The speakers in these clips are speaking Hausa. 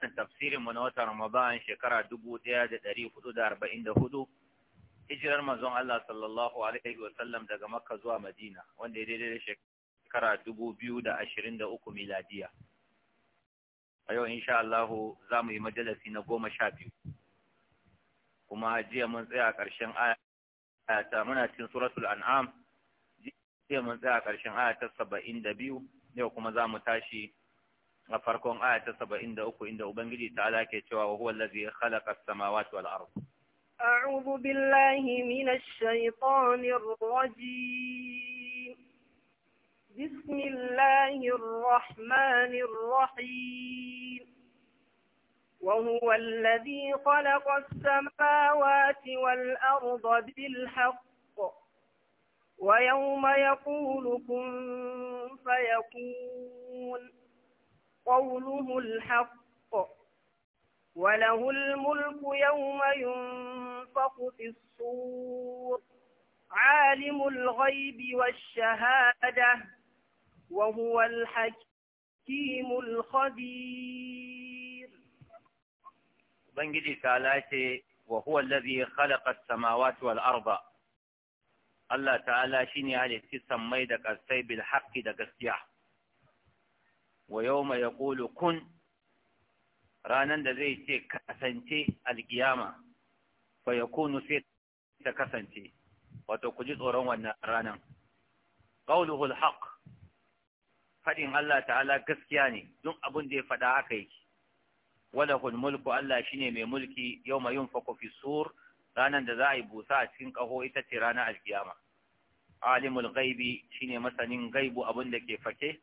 tafsirin mu na watan Ramadan shekara dubu ɗaya da da da arba'in hudu, hijirar mazon Allah sallallahu alaihi wa sallam daga Makka zuwa Madina wanda ya daidai da shekara dubu biyu da da ashirin uku miladiya a yau insha Allah za mu yi majalasi na goma sha biyu kuma jiya mun tsaya ƙarshen aya ta muna cin suratul an'am jiya mun tsaya ƙarshen aya ta biyu, yau kuma za mu tashi a آية aya عند أكو عند أبنجي تعالى Ubangiji وهو الذي خلق السماوات والأرض أعوذ بالله من الشيطان الرجيم بسم الله الرحمن الرحيم وهو الذي خلق السماوات والأرض بالحق ويوم يقول كن فيكون قوله الحق وله الملك يوم ينفق في الصور عالم الغيب والشهادة وهو الحكيم الخبير بنجي تعالى وهو الذي خلق السماوات والأرض الله تعالى شيني هل السماء دك السيب الحق دك السياح wa ya yaqulu kun Ranar da zai ce kasance alkiyama fa kunu sai ta kasance wato ku ji tsoron wannan ranar qawluhu haq! Faɗin Allah ta'ala gaskiya ne duk abin da ya faɗa haka yake walahul mulku Allah shi ne mai mulki yau yawma yunfaku fi sur ranar da za a yi busa a cikin ƙaho ita ce ranar alkiyama alimul ghaibi ne masanin gaibu abin da ke fake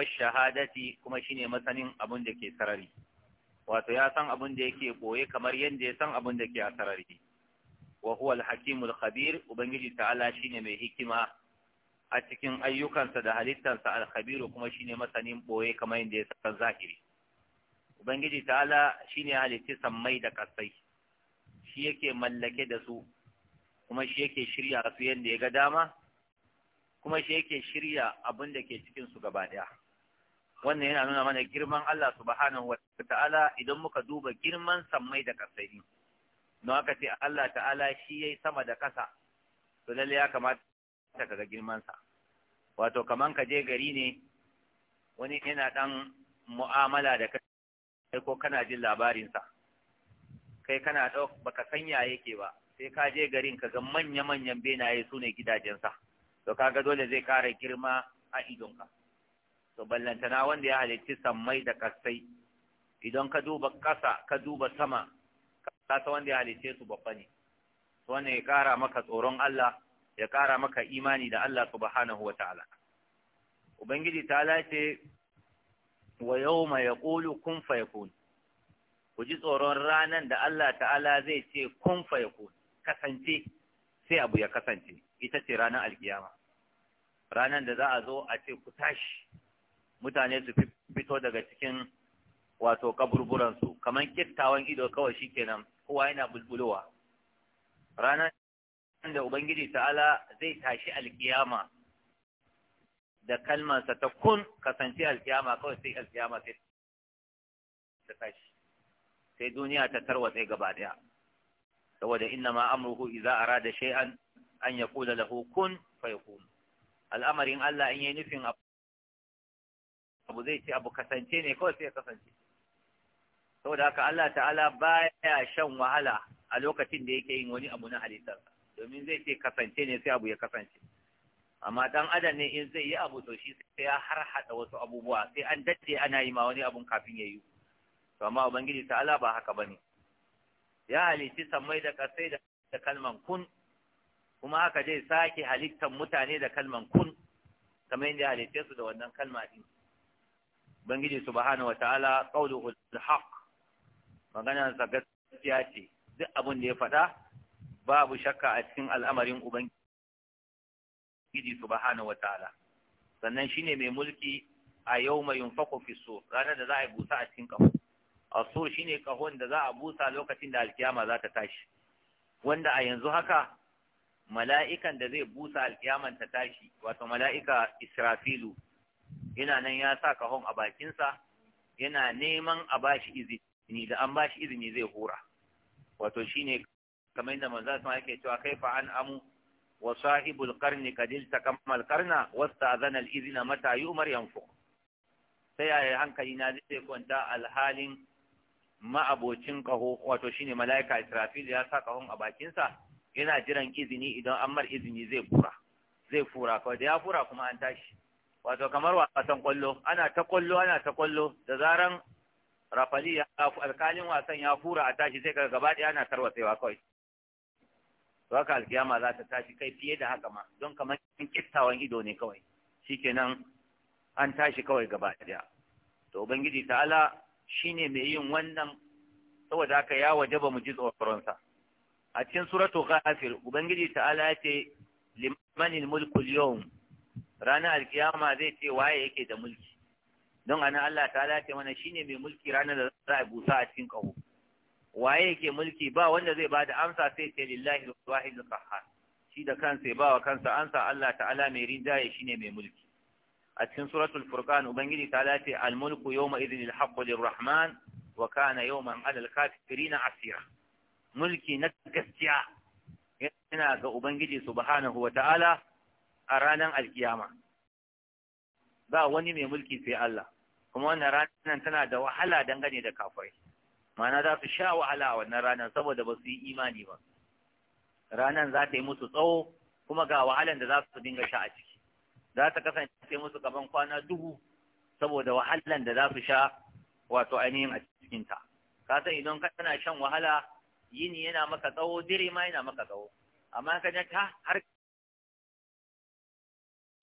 shahadati kuma shine masanin abun da ke sarari wato ya san abin da yake boye kamar yadda ya san abun da ke a sarari wa huwa al-hakimul khabir ubangiji ta'ala shine mai hikima a cikin ayyukansa da halittansa al-khabiru kuma shine masanin boye kamar yadda ya san zahiri ubangiji ta'ala shine halitti sammai da kasai shi yake mallake da su kuma shi yake shirya su yadda ya ga dama kuma shi yake shirya abin da ke cikin su gaba daya wannan yana nuna mana girman Allah subhanahu wa ta'ala idan muka duba girman sammai da kasai don aka ce Allah ta'ala shi yayi sama da kasa to lalle ya kamata ka ga girman sa wato kaman ka je gari ne wani yana ɗan mu'amala da kai ko kana jin labarin sa kai kana dauk baka ya yake ba sai ka je garin ka ga manya-manyan benaye sune gidajen sa to kaga dole zai kara girma a idonka to ballantana wanda ya halicci sammai da kasai idan ka duba ƙasa ka duba sama ka ta wanda ya halicce su babba ne to wannan ya ƙara maka tsoron Allah ya ƙara maka imani da Allah subhanahu wataala ubangiji ta lace wa yawma yaqulu kun fayakun ku ji tsoron ranan da Allah ta'ala zai ce kun fayakun kasance sai abu ya kasance ita ce ranar alkiyama ranar da za a zo a ce ku tashi mutane su fito daga cikin wato kaburburansu kamar kittawan ido kawai shikenan kowa yana bulbulowa rana da ubangiji ta'ala zai tashi alkiyama da kalmansa ta kun kasance alkiyama kawai sai alkiyama sai ta tashi sai duniya ta tarwatse gaba daya saboda inna ma amruhu idza arada shay'an an yaqula lahu kun fayakun al'amarin Allah in yayi nufin abu zai ce abu kasance ne kawai sai ya kasance saboda haka Allah ta'ala baya shan wahala a lokacin da yake yin wani abu na halittar domin zai ce kasance ne sai abu ya kasance amma dan adam ne in zai yi abu to shi sai ya harhaɗa wasu abubuwa sai an dace ana yi ma wani abun kafin ya yi to amma ubangiji ta'ala ba haka bane ya halitti sammai da kasai da da kalman kun kuma haka zai sake halittar mutane da kalman kun kamar yadda halitte su da wannan kalma din bangiji subhanahu ta'ala qawluhu al-haq magana sa gaskiya ce duk abin da ya faɗa babu shakka a cikin al'amarin ubangiji subhanahu ta'ala. sannan shine mai mulki a yawma yunfaqu fi sur ranar da za a busa a cikin kaho asur shine kahon da za a busa lokacin da alkiyama za ta tashi wanda a yanzu haka mala'ikan da zai busa alkiyaman ta tashi wato mala'ika israfilu yana nan ya sa kahon a bakinsa yana neman a bashi izini da an ba shi izini zai hura wato shine kamar yadda manzo sama yake cewa fa an amu wa sahibul qarni kadil takammal qarna wasta'zana al izna mata yu'mar yanfuq sai ya hankali na zai kwanta alhalin ma'abocin kaho wato shine malaika Israfil ya sa kahon a bakinsa yana jiran izini idan an mar izini zai fura zai fura kawai da ya fura kuma an tashi wato kamar wasan kwallo ana ta kwallo ana ta kwallo da zaran rafali ya alkalin wasan ya fura a tashi sai ka gaba ɗaya ana tarwatsewa kawai to haka alkiyama za ta tashi kai fiye da haka ma don kamar kittawan ido ne kawai shikenan an tashi kawai gaba ɗaya to ubangiji ta'ala shine mai yin wannan saboda haka ya wajaba mu ji sa. a cikin suratu ghafir ubangiji ta'ala ya ce limanil mulku al-yawm ranar alkiyama zai ce waye yake da mulki don ana Allah ta lace mana shine mai mulki ranar da za a busa a cikin kaho waye yake mulki ba wanda zai bada amsa sai ce lillahi wahid qahhar shi da kansa ya bawa kansa amsa Allah ta'ala mai rinjaye shine mai mulki a cikin suratul furqan ubangiji ta almulku al mulku yawma idhin al haqq lirrahman wa kana yawman ala al kafirin asira mulki na gaskiya yana ga ubangiji subhanahu wa ta'ala a ranar alkiyama ba wani mai mulki sai Allah kuma wannan ranar tana da wahala dangane da kafirai mana za su sha wahala a wannan ranar saboda ba su yi imani ba ranar za ta yi musu tsawo kuma ga wahalan da za su dinga sha a ciki za ta kasance musu gaban kwana duhu saboda wahalan da za su sha wato ainihin a cikinta ka san idan kana shan wahala yini yana maka tsawo dire ma yana maka tsawo amma ka ta har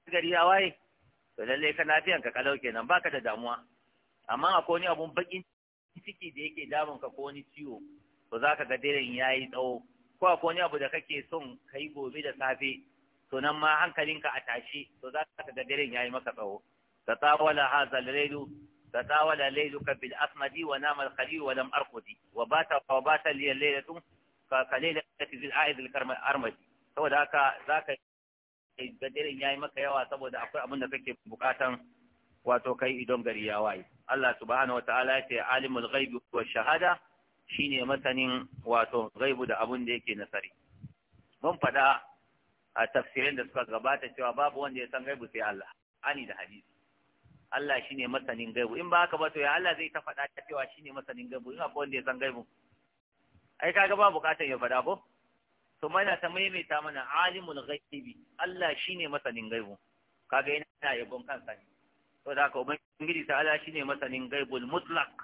gari ya waye to lallai ka lafiyan ka kalau kenan baka da damuwa amma akwai wani abun bakin ciki da yake damun ka ko wani ciwo to zaka ga daren ya yi tsawo ko akwai wani abu da kake son kai gobe da safe to nan ma hankalinka a tashi to zaka ga daren ya yi maka tsawo ta tsawala hazal laylu ta tsawala lailu ka bil asmadi wa nama al khalil wa lam arqudi wa bata wa bata liyal laylatu ka kalila fi al a'id al karma armadi saboda haka zaka kai gajeren yayi maka yawa saboda akwai abin da kake bukatan wato kai idon gari ya waye Allah subhanahu wataala ya ce alimul ghaibi wa shahada shine masanin wato ghaibu da abin da yake nasari mun faɗa a tafsirin da suka gabata cewa babu wanda ya san gaibu sai Allah ani da hadisi Allah shine masanin gaibu in ba haka ba to ya Allah zai ta faɗa cewa shine masanin gaibu in akwai wanda ya san gaibu ai kaga ba bukatan ya faɗa ko to mana ta maimaita mana alimul ghaibi Allah shine masanin gaibu kaga yana yabon kansa ne to da ka ubangiji ta Allah shine masanin gaibul mutlaq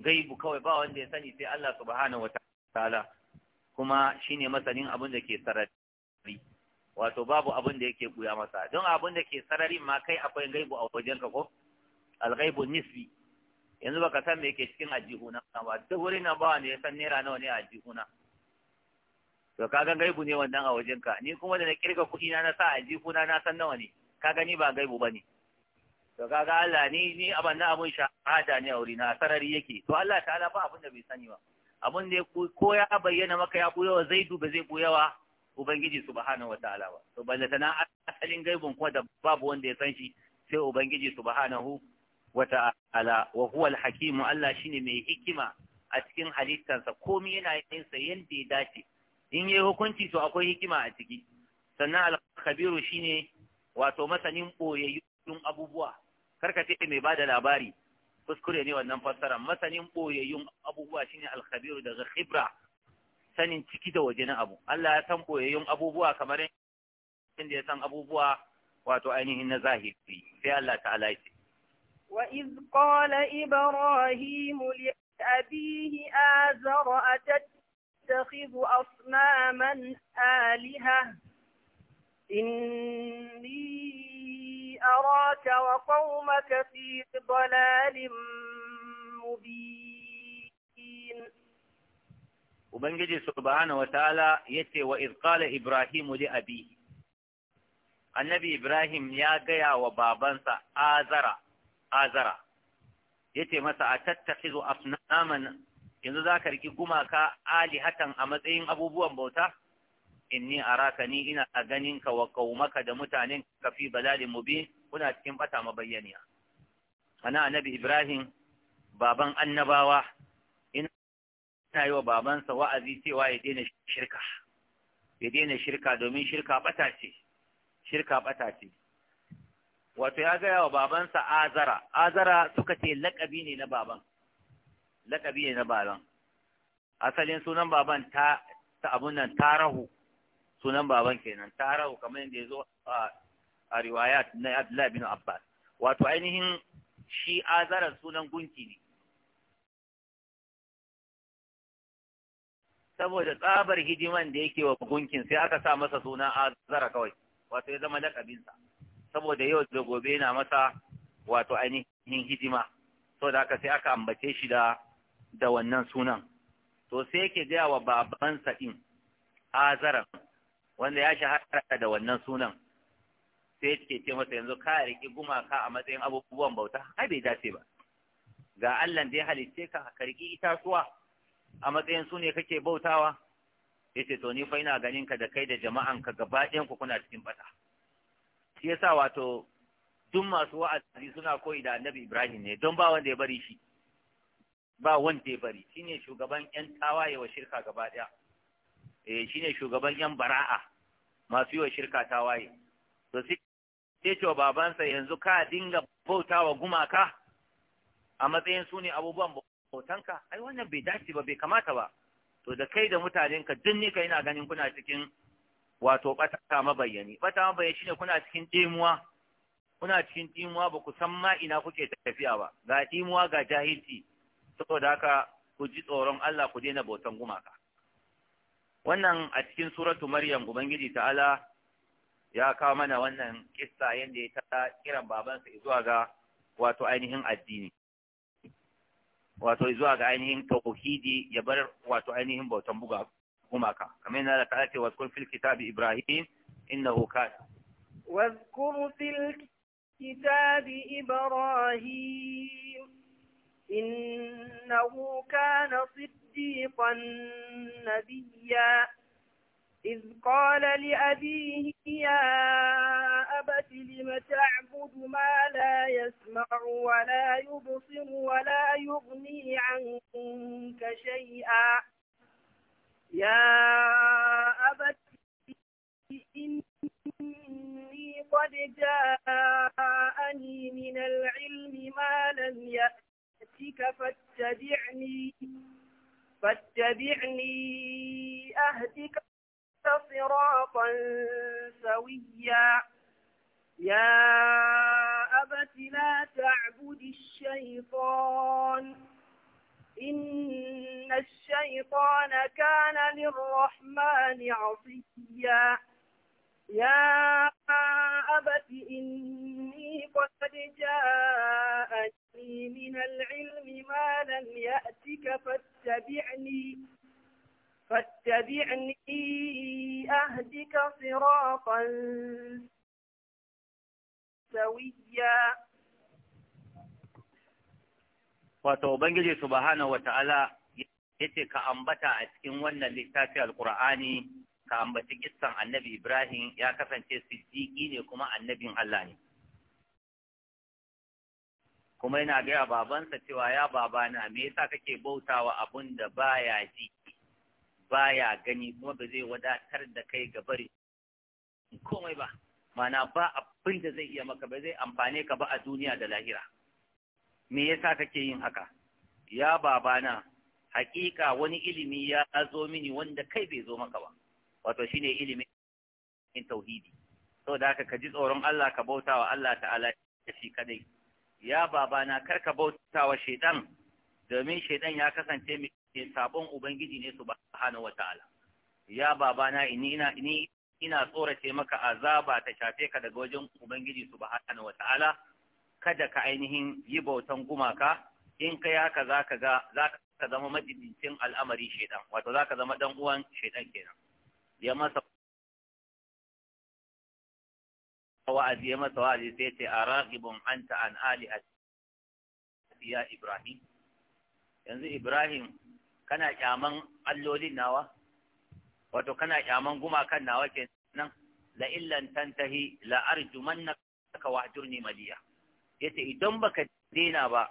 gaibu kawai ba wanda ya sani sai Allah subhanahu wataala kuma shine masanin abin da ke sarari wato babu abin da yake buya masa don abin da ke sarari ma kai akwai gaibu a wajen ka ko alghaibu nisbi yanzu baka san me yake cikin ajihuna ba duk wurin na ba wanda ya san naira nawa ne a ajihuna to ga gaibu ne wannan a wajen ka? ni kuma da na kirga kuɗi na na sa a jikuna na san nawa ne Ka gani ba gaibu bane to ga Allah ni ni abin na abun shahada ne a wuri na sarari yake to Allah ta'ala ba abun da bai sani ba abin da ko ya bayyana maka ya buya zaidu ba zai koyawa ubangiji subhanahu wataala ba to balle tana asalin gaibun kuma da babu wanda ya san shi sai ubangiji subhanahu wata'ala wa huwa al-hakim Allah shine mai hikima a cikin halittansa, komai yana yin sa yanda ya dace in yi hukunci to akwai hikima a ciki sannan alkabiru shine wato masanin boyayyun abubuwa karka ce mai bada labari kuskure ne wannan fassara masanin boyayyun abubuwa shine alkabiru daga khibra sanin ciki da waje na abu Allah ya san boyayyun abubuwa kamar yadda ya san abubuwa wato ainihin na zahiri sai Allah ta'ala ya ce qala ibrahim li لأبيه آزر atat أتخذ أصناما آلهة إني أراك وقومك في ضلال مبين وبنجد سبحانه وتعالى يتي وإذ قال إبراهيم لأبيه النبي إبراهيم ياقيا وبابنسا آزرا آزرا يتي مسا أتتخذ أصناما yanzu za ka riki gumaka alihatan a matsayin abubuwan bauta inni araka ni ina a ganinka wa kaumaka da mutanen ka fi balalin mubi kuna cikin bata mabayyaniya ana annabi ibrahim baban annabawa ina yi wa babansa wa'azi cewa ya daina shirka ya daina shirka domin shirka bata ce shirka bata ce wato ya gaya wa babansa azara azara suka ce laƙabi ne na baban laƙabi ne na baban asalin sunan baban ta ta abun nan tarahu sunan baban kenan tarahu kamar yadda ya zo a riwaya na Abdullah bin Abbas wato ainihin shi azara sunan gunki ne saboda tsabar hidiman da yake wa gunkin sai aka sa masa suna azara kawai wato ya zama lakabinsa saboda yau da gobe na masa wato ainihin hidima saboda haka sai aka ambace shi da da wannan sunan to sai yake gaya wa babansa din azaran wanda ya shahara da wannan sunan sai yake ce masa yanzu ka riƙi gumaka a matsayin abubuwan bauta ai bai dace ba ga Allah da ya halicce ka ka riƙi itatuwa a matsayin su kake bautawa yace to ni fa ina ganin ka da kai da jama'an ka gaba ɗayan ku kuna cikin bata shi yasa wato duk masu wa'azi suna koyi da Annabi Ibrahim ne don ba wanda ya bari shi ba wanda ya bari ne shugaban yan tawaye wa shirka gaba E, shi ne shugaban yan bara'a masu yi wa shirka tawaye to sai ce wa babansa yanzu ka dinga bautawa gumaka a matsayin su ne abubuwan bautanka ai wannan bai dace ba bai kamata ba to da kai da mutanenka duk ne kai na ganin kuna cikin wato bata mabayyani bata mabayyani shine kuna cikin ɗimuwa kuna cikin ɗimuwa ba ku san ma ina kuke tafiya ba ga ɗimuwa ga jahilci saboda haka ku ji tsoron Allah ku daina bautan gumaka wannan a cikin suratu maryam ubangiji ta'ala ya kawo mana wannan kissa yadda ya ta kiran babansa zuwa ga wato ainihin addini wato zuwa ga ainihin tauhidi ya bar wato ainihin bautan buga gumaka kamar yana da ta'ala ce wasu fil kitabi ibrahim innahu kana واذكر fil الكتاب Ibrahim. إنه كان صديقا نبيا إذ قال لأبيه يا أبت لم تعبد ما لا يسمع ولا يبصر ولا يغني عنك شيئا يا أبت إني قد جاءني من العلم فاتبعني فاتبعني أهدك صراطا سويا يا أبت لا تعبد الشيطان إن الشيطان كان للرحمن عصيا يا أبت إني قد جاءني يأتني من العلم ما لم يأتك فاتبعني فاتبعني أهدك صراطا سويا wato ubangiji subhanahu wata'ala yace ka ambata a cikin wannan littafi alqur'ani ka ambaci kissan annabi ibrahim ya kasance siddiqi ne kuma annabin Allah ne kuma yana gaya babansa cewa ya babana me yasa kake bautawa abun da baya ji baya gani kuma ba zai wadatar da kai ga bari komai ba mana ba abin da zai iya maka ba zai amfane ka ba a duniya da lahira me yasa kake yin haka ya babana hakika wani ilimi ya zo mini wanda kai bai zo maka ba wato shine ilimi in tauhidi saboda haka ka ji tsoron Allah ka bautawa Allah ta'ala shi kadai ya babana karka bautawa shaidan domin shaidan ya kasance mai sabon ubangiji ne su bahana wataala ya babana ina tsorace maka azaba ta shafe ka daga wajen ubangiji su bahana wataala kada ka ainihin yi bautan gumaka in ka haka za ka zama majibincin al'amari shaidan wato ka zama dan uwan shaidan kenan ya masa A ya masa wa'azi sai ce a raƙibin anta an ali ya Ibrahim yanzu Ibrahim kana kyaman allolin nawa wato kana kyaman gumakan nawa ke nan la illan tantahi la arjumannaka wahjurni maliya yace idan baka dena ba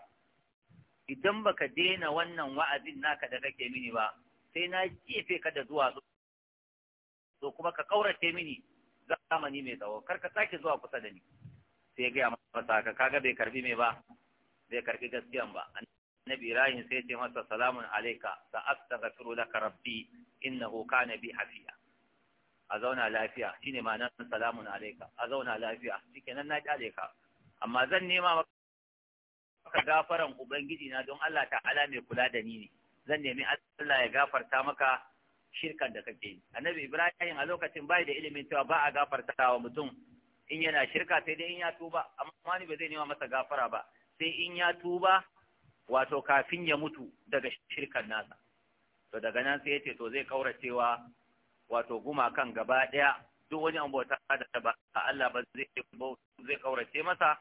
idan baka dena wannan wa'azin naka da kake mini ba sai na jefe ka da zuwa so kuma ka kaurace mini zamani mai tsawo kar ka sake zuwa kusa da ni sai ga masa Ka kaga bai karbi mai ba bai karbi gaskiyan ba annabi ibrahim sai ce masa salamun alayka sa astaghfiru laka rabbi innahu kana bi hafiya a zauna lafiya shine ma'anar salamun alayka a zauna lafiya shikenan na kyale ka amma zan nema maka gafaran ubangiji na don Allah ta'ala mai kula da ni ne zan nemi Allah ya gafarta maka shirkan da kake yi annabi ibrahim a lokacin bai da ilimin cewa ba a gafarta wa mutum in yana shirka sai dai in ya tuba amma ni ba zai nema masa gafara ba sai in ya tuba wato kafin ya mutu daga shirkan nasa to daga nan sai yace to zai kauracewa wato kan gaba daya duk wani an bauta da ba A Allah ba zai zai kaurace masa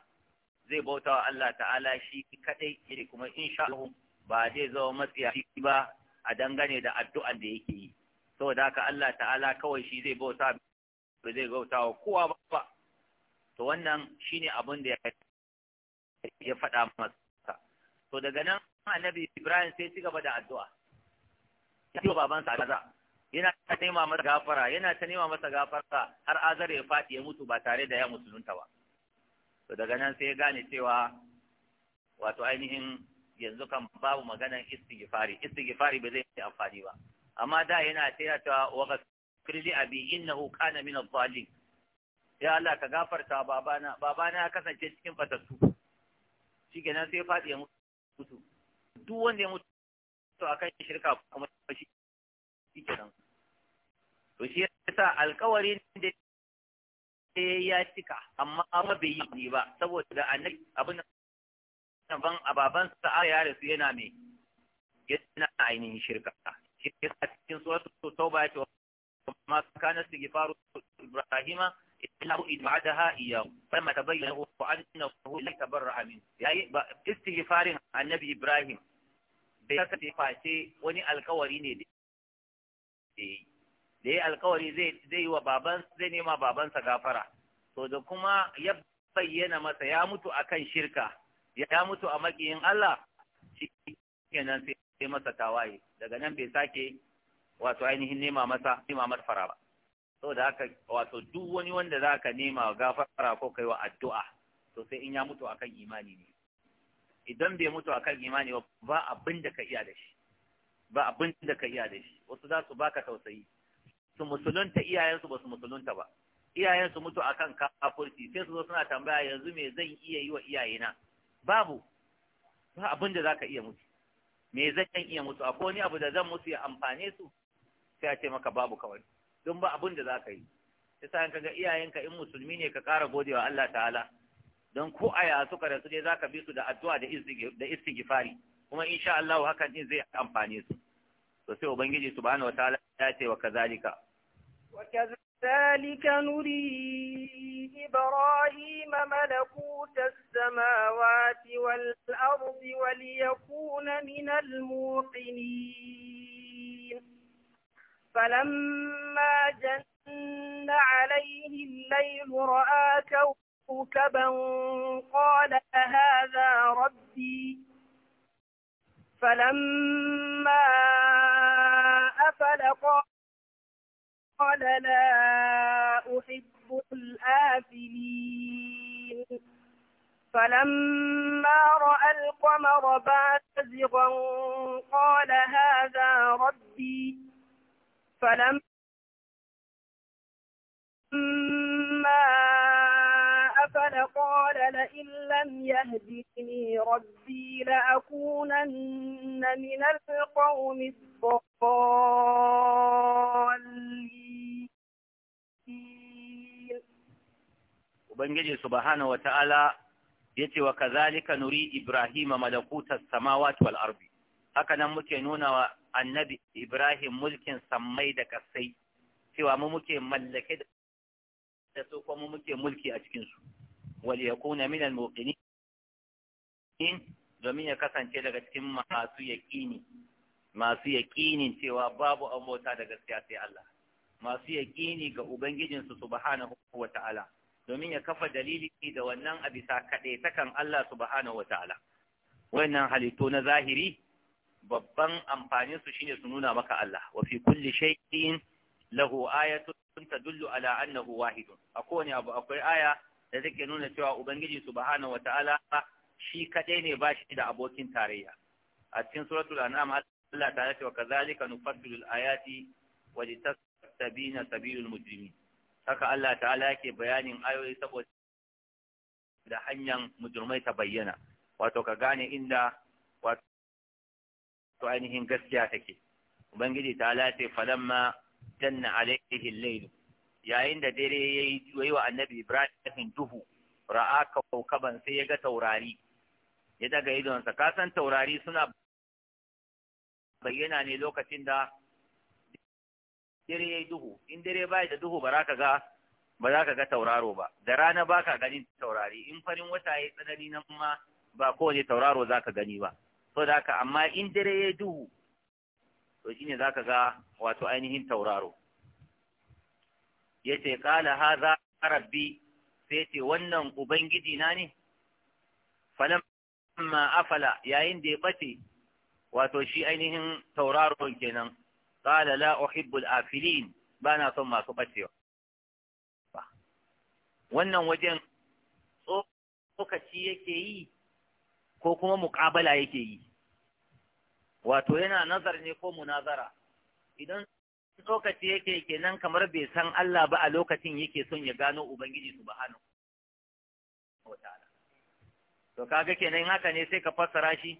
zai bauta wa Allah ta'ala shi kadai iri kuma insha Allah ba zai zama matsayi ba a dangane da addu'an da yake yi saboda haka Allah ta'ala kawai shi zai bauta ba zai bauta wa kowa ba to wannan shine abin da ya faɗa masa to daga nan annabi Ibrahim sai ci gaba da addu'a ya baban babansa kaza yana ta nema masa gafara yana ta nema masa gafara har azar ya faɗi ya mutu ba tare da ya musulunta ba to daga nan sai ya gane cewa wato ainihin yanzu kan babu maganan istighfari istighfari ba zai yi amfani ba amma da yana tsaya ta wa ghafirli abi innahu kana min adh-dhalin ya Allah ka gafarta babana babana ya kasance cikin fatattu shikenan sai fadi ya mutu duk wanda ya mutu akan shirka kuma shi shikenan to shi yasa alƙawarin da sai ya cika amma ba bai yi ba saboda annabi abin nan ban ababan sa ya rasu yana mai yana ainihin shirka shi cikin suratul tauba yake ma kana istighfaru ibrahima illa ibadaha tabayyana annahu la min yayi istighfarin annabi ibrahim bai kace face wani alkawari ne da yayi alkawari zai zai wa baban zai nema babansa gafara to da kuma ya bayyana masa ya mutu akan shirka ya mutu a makiyin Allah kenan sai masa tawaye daga nan bai sake wato ainihin nema masa nema masa fara ba da haka wato duk wani wanda za ka nema gafara ko kai wa addu'a to sai in ya mutu akan imani ne idan bai mutu akan imani ba ba abin da ka iya da shi ba abin da ka iya da shi wasu za su baka tausayi su musulunta iyayensu ba su musulunta ba iyayensu mutu akan kafurci sai su zo suna tambaya yanzu me zan iya yi wa iyayena babu ba abin da za ka iya mutu me zan iya mutu? akwai wani abu da zan musu ya amfane su sai a ce maka babu kawai don ba abin da za ka yi yasa in kaga iyayenka in musulmi ne ka ƙara godewa Allah ta'ala don ko aya suka rasu dai zaka bi su da addu'a da da istighfari kuma insha Allah hakan din zai amfane su to sai ubangiji subhanahu wataala ya ce wa kazalika wa ذلك نري إبراهيم ملكوت السماوات والأرض وليكون من الموقنين فلما جن عليه الليل رأى كوكبا قال هذا ربي فلما أفل قال قال لا أحب الآفلين فلما رأى القمر بازغا قال هذا ربي فلما كان قال لئن لم يهدني ربي لأكونن من القوم الضالين Ubangiji subhanahu wata'ala yace wa kazalika nuri Ibrahima malakutas samawati wal ardi haka nan muke nuna wa annabi Ibrahim mulkin sammai da kasai cewa mu muke mallake da su kuma muke mulki a cikin su وليكون من الموقنين domin ya kasance daga cikin masu yaƙini masu yaƙinin cewa babu abota da gaskiya sai Allah masu yaƙini ga ubangijinsu subhanahu wa ta'ala domin ya kafa dalili da wannan a bisa kaɗai takan Allah subhanahu wa ta'ala wannan halittu na zahiri babban amfanin su shine su nuna maka Allah wa fi kulli shay'in lahu ayatun tadullu ala annahu wahidun a kowane abu akwai aya da take nuna cewa ubangiji subhanahu wataala shi kadai ne ba shi da abokin tarayya a cikin suratul an'am Allah ta ce wa kazalika nufassilu al-ayati wa litastabina sabilul mujrimin haka Allah ta'ala yake bayanin ayoyi saboda da hanyar mujrimai ta bayyana wato ka gane inda wato ainihin gaskiya take ubangiji ta'ala ce falamma janna alaihi al-layl yayin da dare ya yi wa annabi Ibrahim duhu ra'a kaukaban sai ya ga taurari ya daga idonsa ka san taurari suna bayyana ne lokacin da dare ya yi duhu in dare ba da duhu ba za ka ga ba tauraro ba da rana ba ka ganin taurari in farin wata ya tsanani nan ma ba kowane tauraro za ka gani ba so da haka amma in dare ya yi duhu to shine za ka ga wato ainihin tauraro Ya ce, ha za a rabbi sai ce wannan ubangiji na ne falamma afala yayin da ya bace wato shi ainihin tauraron kenan qala la uhibbu afilin ba na son masu bacewa wannan wajen tsokaci yake yi ko kuma muƙabala yake yi wato yana nazar ne ko munazara idan lokaci yake kenan kamar bai san Allah ba a lokacin yake son ya gano Ubangiji subhanahu wa ta'ala to kaga kenan haka ne sai ka fassara shi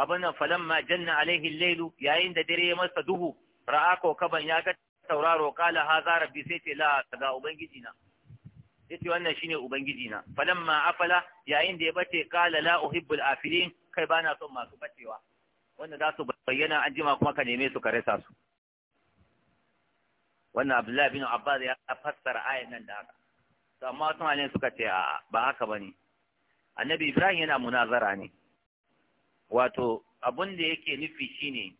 abin nan falamma janna alaihi lailu yayin da dare ya masa duhu ra'a ko kaban ya ga tauraro kala haza rabbi sai ce la ga ubangiji na yace wannan shine ubangiji na falamma afala yayin da ya bace kala la uhibbul afilin kai bana son masu bacewa wanda za su bayyana an jima kuma ka neme su ka rasa su wannan abdullahi bin abbas ya fassara ayan nan da haka to amma wasu malamin suka ce a ba haka bane annabi ibrahim yana munazara ne wato abun da yake nufi shine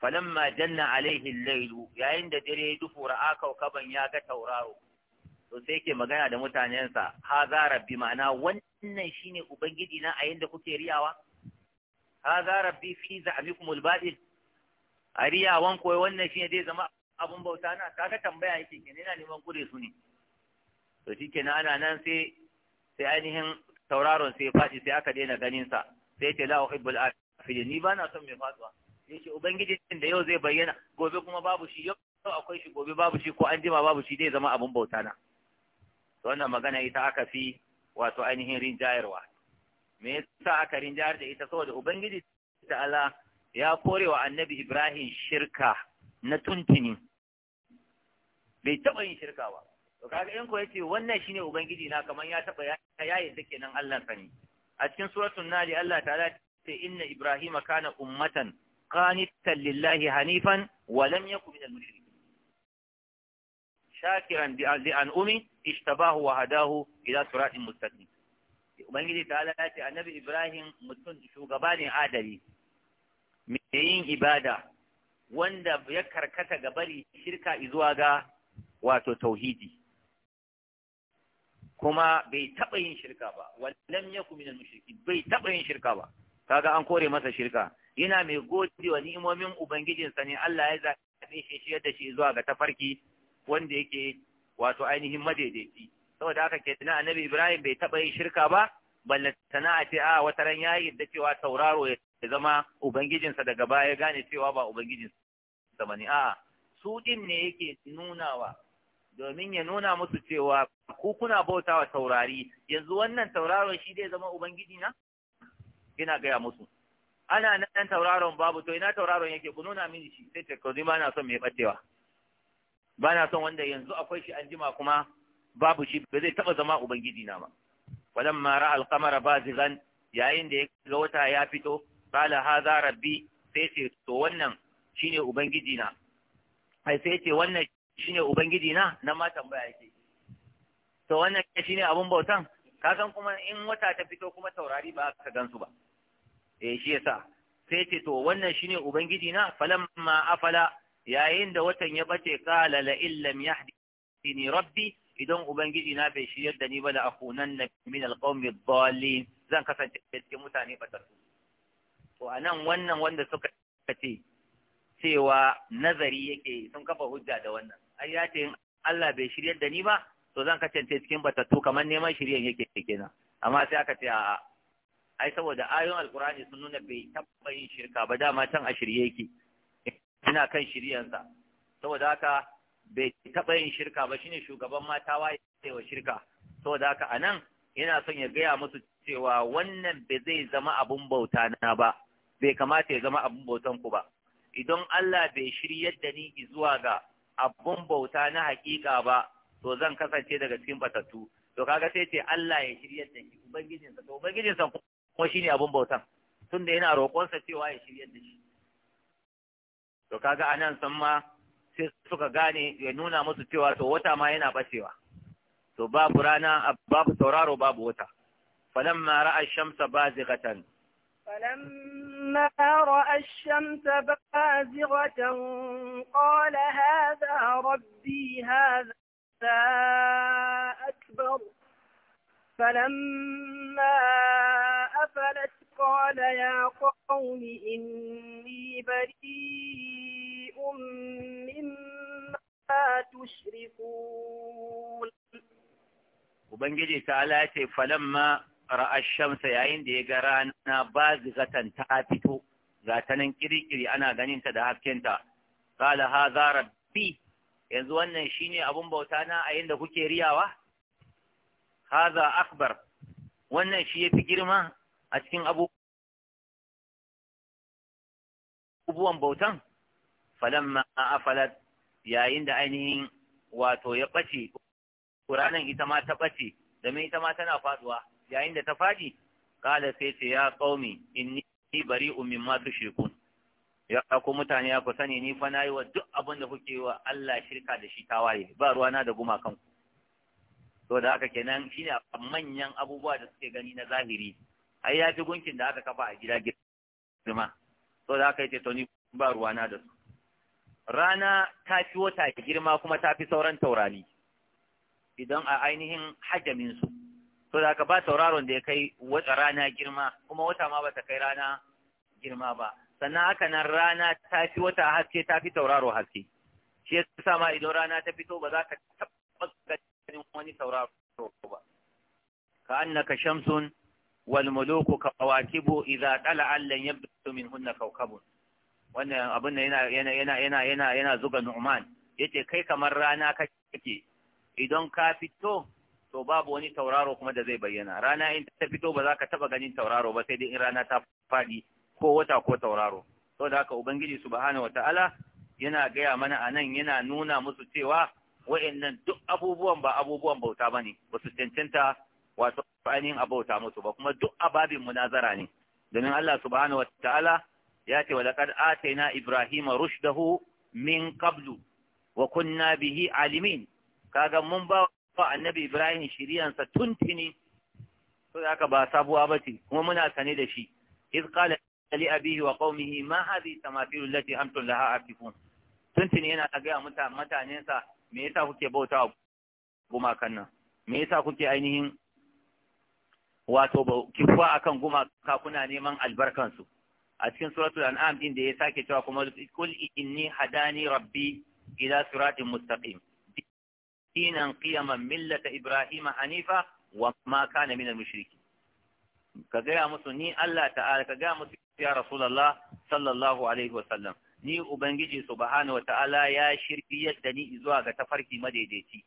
falamma janna alaihi al-lailu yayin da dare ya dufu ra'a kaukaban ya ga tauraro to sai yake magana da mutanensa haza rabbi ma'ana wannan shine ubangiji na a yanda kuke riyawa haza rabbi fi za'mikum al-batil a riyawan koyi wannan shine zai zama abun bauta na kaga tambaya yake kenan yana neman kure su ne to shikenan ana nan sai sai ainihin tauraron sai faɗi sai aka daina ganin sa sai ce la uhibbul afili ni ba na son mai faduwa yace ubangiji da yau zai bayyana gobe kuma babu shi yau akwai shi gobe babu shi ko an jima babu shi zai zama abun bauta na to wannan magana ita aka fi wato ainihin rinjayarwa me yasa aka rinjayar da ita saboda ubangiji ta Allah ya kore wa annabi Ibrahim shirka na tuntuni bai taɓa yin shirka ba to kaga in ko yace wannan shine ubangiji na kamar ya taɓa ya yadda kenan Allah sani a cikin suratul nali Allah ta'ala ce inna Ibrahim kana ummatan qanitan lillahi hanifan wa lam yakun minal mushrikin shakiran bi an'umi ishtabahu wa hadahu ila siratin mustaqim Ubangiji ta ala ce annabi Ibrahim mutum shugaba ne adali, mai yin ibada, wanda ya karkata ga bari shirka izuwa ga wato tauhidi kuma bai taɓa yin shirka ba wallam ya kuma minal mushriki bai taɓa yin shirka ba kaga an kore masa shirka yana mai gode wa ni'imomin ubangijinsa ne Allah ya zaɓe shi shi yadda shi zuwa ga tafarki wanda yake wato ainihin madaidaici saboda haka ke tana annabi Ibrahim bai taɓa yin shirka ba balla sana'a ce a wata ran ya yarda cewa tauraro ya zama ubangijinsa daga baya ya gane cewa ba ubangijinsa ba ne a'a su din ne yake nunawa domin ya nuna musu cewa ku kuna bautawa taurari yanzu wannan tauraron shi zai zama ubangiji na ina gaya musu ana nan tauraron babu to ina tauraron yake ku nuna mini shi sai ta ma bana son mai batewa ba na son wanda yanzu akwai shi an jima kuma babu shi ba zai taba zama ubangiji na ba walamma ra al-qamara bazighan yayin da ya ga wata ya fito qala hadha rabbi sai ce to wannan shine ubangiji na sai ce wannan Shi ne ubangiji na nan ma tambaya yake to wannan shi ne abin bautan ka san kuma in wata ta fito kuma taurari ba ka gansu ba eh shi yasa sai ce to wannan shi ne ubangiji na falamma afala yayin da watan ya bace kala la illam yahdini rabbi idan ubangiji na bai shiyar da ni ba la na min alqawmi dhalin zan kasance cikin mutane ba batattu to anan wannan wanda suka ce cewa nazari yake sun kafa hujja da wannan ai ya ce Allah bai shiryar da ni ba to zan kacance cikin batattu kamar neman shiryan yake kenan amma sai aka ce a ai saboda ayoyin alkurani sun nuna bai taɓa yin shirka ba dama can a shirye yake ina kan shiryansa saboda haka bai taɓa yin shirka ba shine shugaban mata waye wa shirka saboda haka anan yana son ya gaya musu cewa wannan bai zai zama abun bauta na ba bai kamata ya zama abun bautan ku ba idan Allah bai shiryar da ni zuwa ga abun bauta na haƙiƙa ba to zan kasance daga cikin batattu to kaga sai ce Allah ya shirya da shi ubangijinsa to ubangijinsa kuma shine abun bautan tunda yana roƙon sa cewa ya shirya da shi to kaga anan san ma sai suka gane ya nuna musu cewa to wata ma yana bacewa to babu rana babu sauraro babu wata falamma ra'a shamsa bazighatan فلما رأى الشمس بازغة قال هذا ربي هذا أكبر فلما أفلت قال يا قوم إني بريء مما تشركون Ubangiji ta lace falamma Ra'ashamsa yayin da ya ga rana ba zatan ta fito ga ta nan kirikiri ana ganin ta da haskenta qala hadha rabbi yanzu wannan shine abun bauta na a yadda kuke riyawa hadha akbar wannan shi yafi girma a cikin abubuwan bautan falamma afalat yayin da ainihin wato ya ɓace ƙuranan ita ma ta ɓace domin ita ma tana faduwa yayin da ta faɗi kala sai ce ya qaumi inni bari'un masu shekun. ya ku mutane ya ku sani ni fa yi wa duk abin da kuke wa Allah shirka da shi tawaye ba ruwana da gumakan ku to da aka kenan shine manyan abubuwa da suke gani na zahiri ai ya fi gunkin da aka kafa a gida girma to da yi ce to ni ba ruwana da su rana ta fi wata girma kuma ta fi sauran taurari idan a ainihin hajamin su to da ka ba tauraron da ya kai wata rana girma kuma wata ma ba ta kai rana girma ba sannan haka nan rana ta fi wata haske ta fi tauraro haske shi ya sa ma idan rana ta fito ba za ka taɓa ganin wani tauraro ba ka annaka shamsun wal muluku kawakibu idza tala allan yabdu minhunna kawkabun wannan abin da yana yana yana yana yana yana zuga nu'man yace kai kamar rana kake idan ka fito to babu wani tauraro kuma da zai bayyana rana in ta fito ba za ka taba ganin tauraro ba sai dai in rana ta faɗi ko wata ko tauraro saboda haka ubangiji subhanahu wataala yana gaya mana a nan yana nuna musu cewa wa'annan duk abubuwan ba abubuwan bauta ne ba su cancanta wato ainihin abauta musu ba kuma duk ababin munazara ne domin Allah subhanahu wataala ya ce wa laqad atayna ibrahima rushdahu min qablu wa kunna bihi alimin kaga mun ba wa annabi Ibrahim shiriyansa tuntini to da aka ba sabuwa bace kuma muna sane da shi iz qala li abihi wa qaumihi ma hadhihi tamathil allati antum laha aqifun tuntini yana ga muta mutanensa me yasa kuke bautawa gumakan nan me yasa kuke ainihin wato Ki kifuwa akan gumaka kuna neman albarkansu a cikin suratul an'am din da ya sake cewa kuma kul inni hadani rabbi ila siratin mustaqim dinan qiyaman millata ibrahima hanifa wa ma kana minal mushriki ka gaya musu ni Allah ta'ala ka gaya musu ya rasulullah sallallahu alaihi wa sallam ni ubangiji subhanahu wa ta'ala ya shirki yadda ni zuwa ga tafarki madaidaici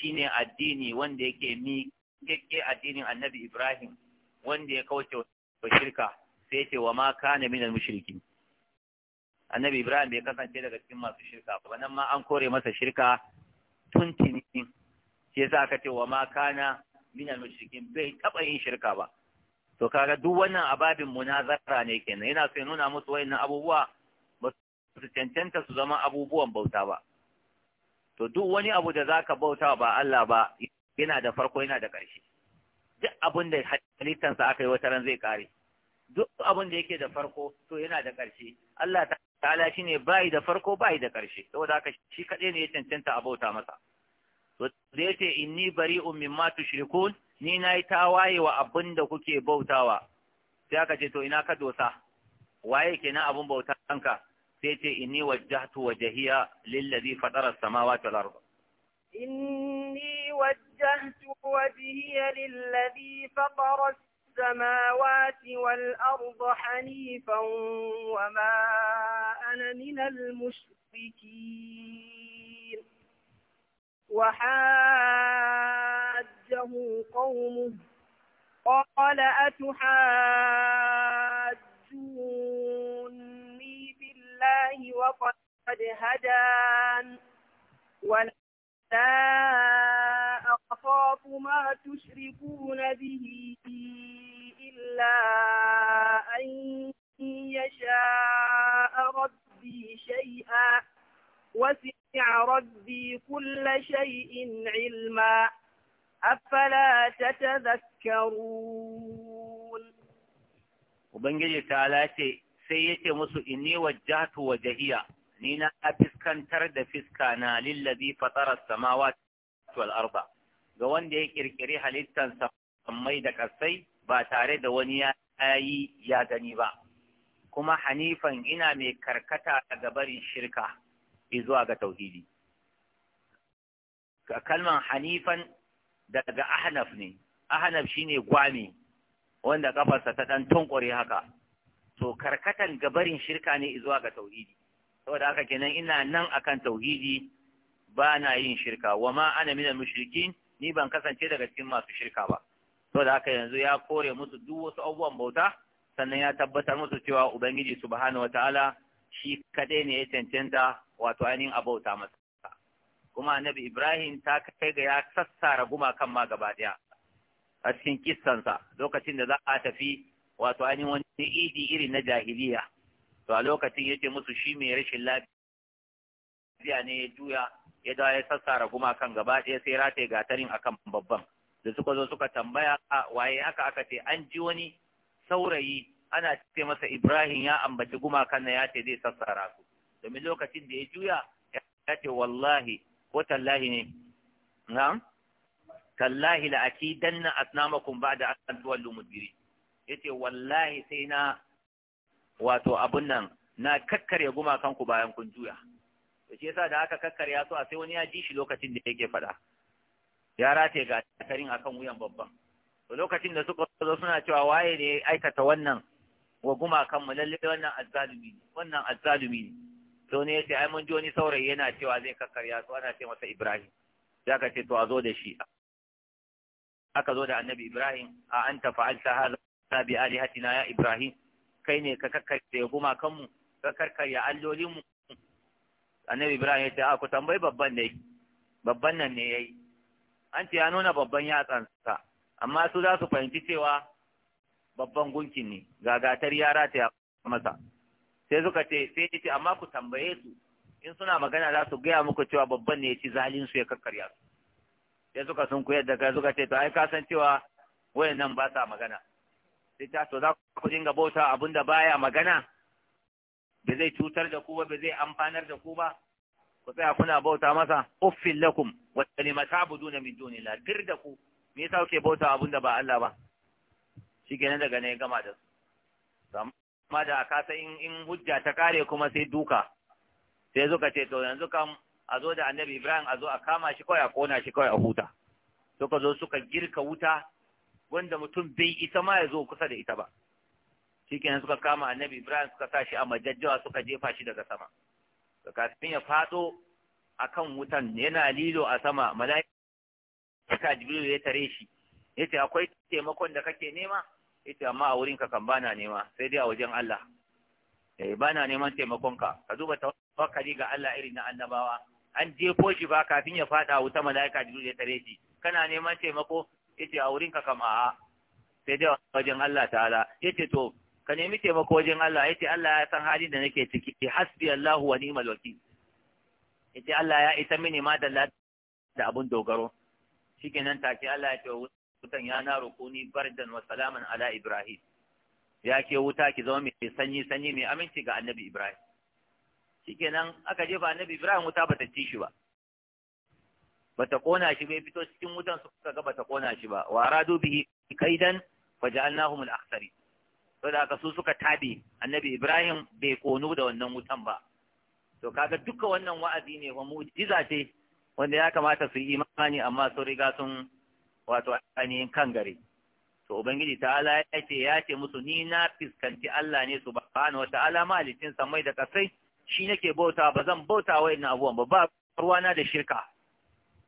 shine addini wanda yake mi kekke addinin annabi ibrahim wanda ya kauce wa shirka sai ce wa ma kana minal mushrikin annabi ibrahim bai kasance daga cikin masu shirka ba nan ma an kore masa shirka tuntuni shi yasa aka ce wa ma kana minal mushrikin bai taba yin shirka ba to kaga duk wannan ababin munazara ne kenan yana so ya nuna musu wayannan abubuwa ba su cancanta su zama abubuwan bauta ba to duk wani abu da zaka bauta ba Allah ba yana da farko yana da ƙarshe duk abin da halittansa aka yi wata ran zai kare duk abin da yake da farko to yana da ƙarshe Allah ta. ta'ala ne bai da farko bai da ƙarshe saboda haka shi kaɗai ne ya cancanta a bauta masa to da yace inni bari'un mimma tushrikun ni nayi tawaye wa abin da kuke bautawa sai aka ce to ina ka dosa waye kenan abin bautanka sai ce inni wajjahtu wajhiya lillazi fatara as-samawati wal ardh inni wajjahtu wajhiya lillazi fatara السماوات والأرض حنيفا وما أنا من المشركين وحاجه قومه قال أتحاجوني بالله وقد هدان ولا أخاف ما تشركون به إلا أن يشاء ربي شيئا وسع ربي كل شيء علما أفلا تتذكرون وبنجي تعالى sai ya ce musu inni wajjahtu wajhiya ni na fiskantar da fiska na lillazi fatara ga wanda ya kirkiri halittan mai da kasai ba tare da wani ya yi ya gani ba kuma hanifan ina mai karkata a barin shirka zuwa ga tauhidi kalman hanifan daga ahnaf ne ahnaf shine gwami wanda kafarsa ta ɗan tunkure haka to karkatan gabarin shirka ne zuwa ga tauhidi saboda haka kenan ina nan akan tauhidi ba na yin shirka wa ma ana minal mashirki ni ban kasance daga cikin masu shirka ba da haka yanzu ya kore musu duk wasu abubuwan bauta sannan ya tabbatar musu cewa ubangiji subhanahu wataala shi kadai ne ya cancanta wato ainihin bauta masa kuma annabi ibrahim ta kai ga ya sassara gumakan ma gaba daya a cikin kissansa lokacin da za a tafi wato ainihin wani idi irin na jahiliya to a lokacin yace musu shi mai rashin lafiya ne ya juya ya dawo ya sassara gumakan gaba daya sai rataye gatarin akan babban da suka zo suka tambaya a waye haka aka ce an ji wani saurayi ana ce masa Ibrahim ya ambaci gumakan na ya ce zai sassara su domin lokacin da ya juya ya ce wallahi ko tallahi ne na'am tallahi la danna asnamakum ba'da an tuwallu mudiri yace wallahi sai na wato abun nan na kakkare gumakan ku bayan kun juya to shi yasa da aka ya su a sai wani ya ji shi lokacin da yake faɗa ya rataye ga tarin akan wuyan babban to lokacin da suka zo suna cewa waye ne ya aikata wannan wa gumakan mu lalle wannan azzalumi ne wannan azzalumi ne to ne yace ai mun ji wani saurayi yana cewa zai kakkarya su ana ce masa Ibrahim ya ka ce to a zo da shi aka zo da annabi Ibrahim a anta fa'alta hadha bi alihatina ya Ibrahim kai ne ka kakkarya kan mu ka karkarya allolin mu annabi Ibrahim ya ce a ku tambayi babban ne babban nan ne yayi an ce ya nuna babban yatsansa amma su za su fahimci cewa babban gunkin ne gagatar yara ta masa sai suka ce sai ya ce amma ku tambaye su in suna magana za su gaya muku cewa babban ne ya ci zalin su ya kakkarya su sai suka sun koyar da kai suka ce to ai ka san cewa wayannan ba sa magana sai ta to za ku dinga bauta abinda baya magana ba zai cutar da ku ba ba zai amfanar da ku ba ku tsaya kuna bauta masa uffin lakum wa kalima ta'buduna min lafir da ku me yasa kuke bauta da ba Allah ba shikenan daga ne gama da su amma da aka ta in in hujja ta kare kuma sai duka sai suka ce to yanzu kan a zo da Annabi Ibrahim a zo a kama shi kawai a kona shi kawai a huta suka zo suka girka wuta wanda mutum bai ita ma ya zo kusa da ita ba shikenan suka kama Annabi Ibrahim suka sa shi a majajjawa suka jefa shi daga sama kafin ya fado kan wutan yana lilo a sama mala'ika jibril ya tare shi Ya ce, akwai taimakon da kake nema Ya ce, amma a wurin ka kan bana nema sai dai a wajen Allah eh bana neman taimakonka. ka ka duba tawakkali ga Allah irin na annabawa an jefo shi ba kafin ya fada wuta mala'ika jibril ya tare shi kana neman taimako Ya ce a wurin ka kam a'a sai dai a wajen Allah ta'ala Ya ce to ka nemi taimako wajen Allah ce Allah ya san halin da nake ciki hasbi Allah wa ni'mal wakil yace Allah ya isa mini ma da da abun dogaro shikenan take Allah ya ce wutan ya na rukuni bardan wa salaman ala Ibrahim ya ke wuta ki zama mai sanyi sanyi mai aminci ga Annabi Ibrahim shikenan aka jefa Annabi Ibrahim wuta bata ci shi ba bata kona shi bai fito cikin wutan suka ga bata kona shi ba wa radu bihi kaidan fajalnahum al-akhsarin saboda haka su suka tabe annabi Ibrahim bai konu da wannan wutan ba to kaga duka wannan wa'azi ne wa mu'jiza ce wanda ya kamata su yi imani amma su riga sun wato ainihin kan gare to ubangiji ta'ala ya ce ya ce musu ni na fiskanci Allah ne su wata alama malicin samai da kasai shi nake bauta ba zan bauta wa ina abuwan ba ba ruwana da shirka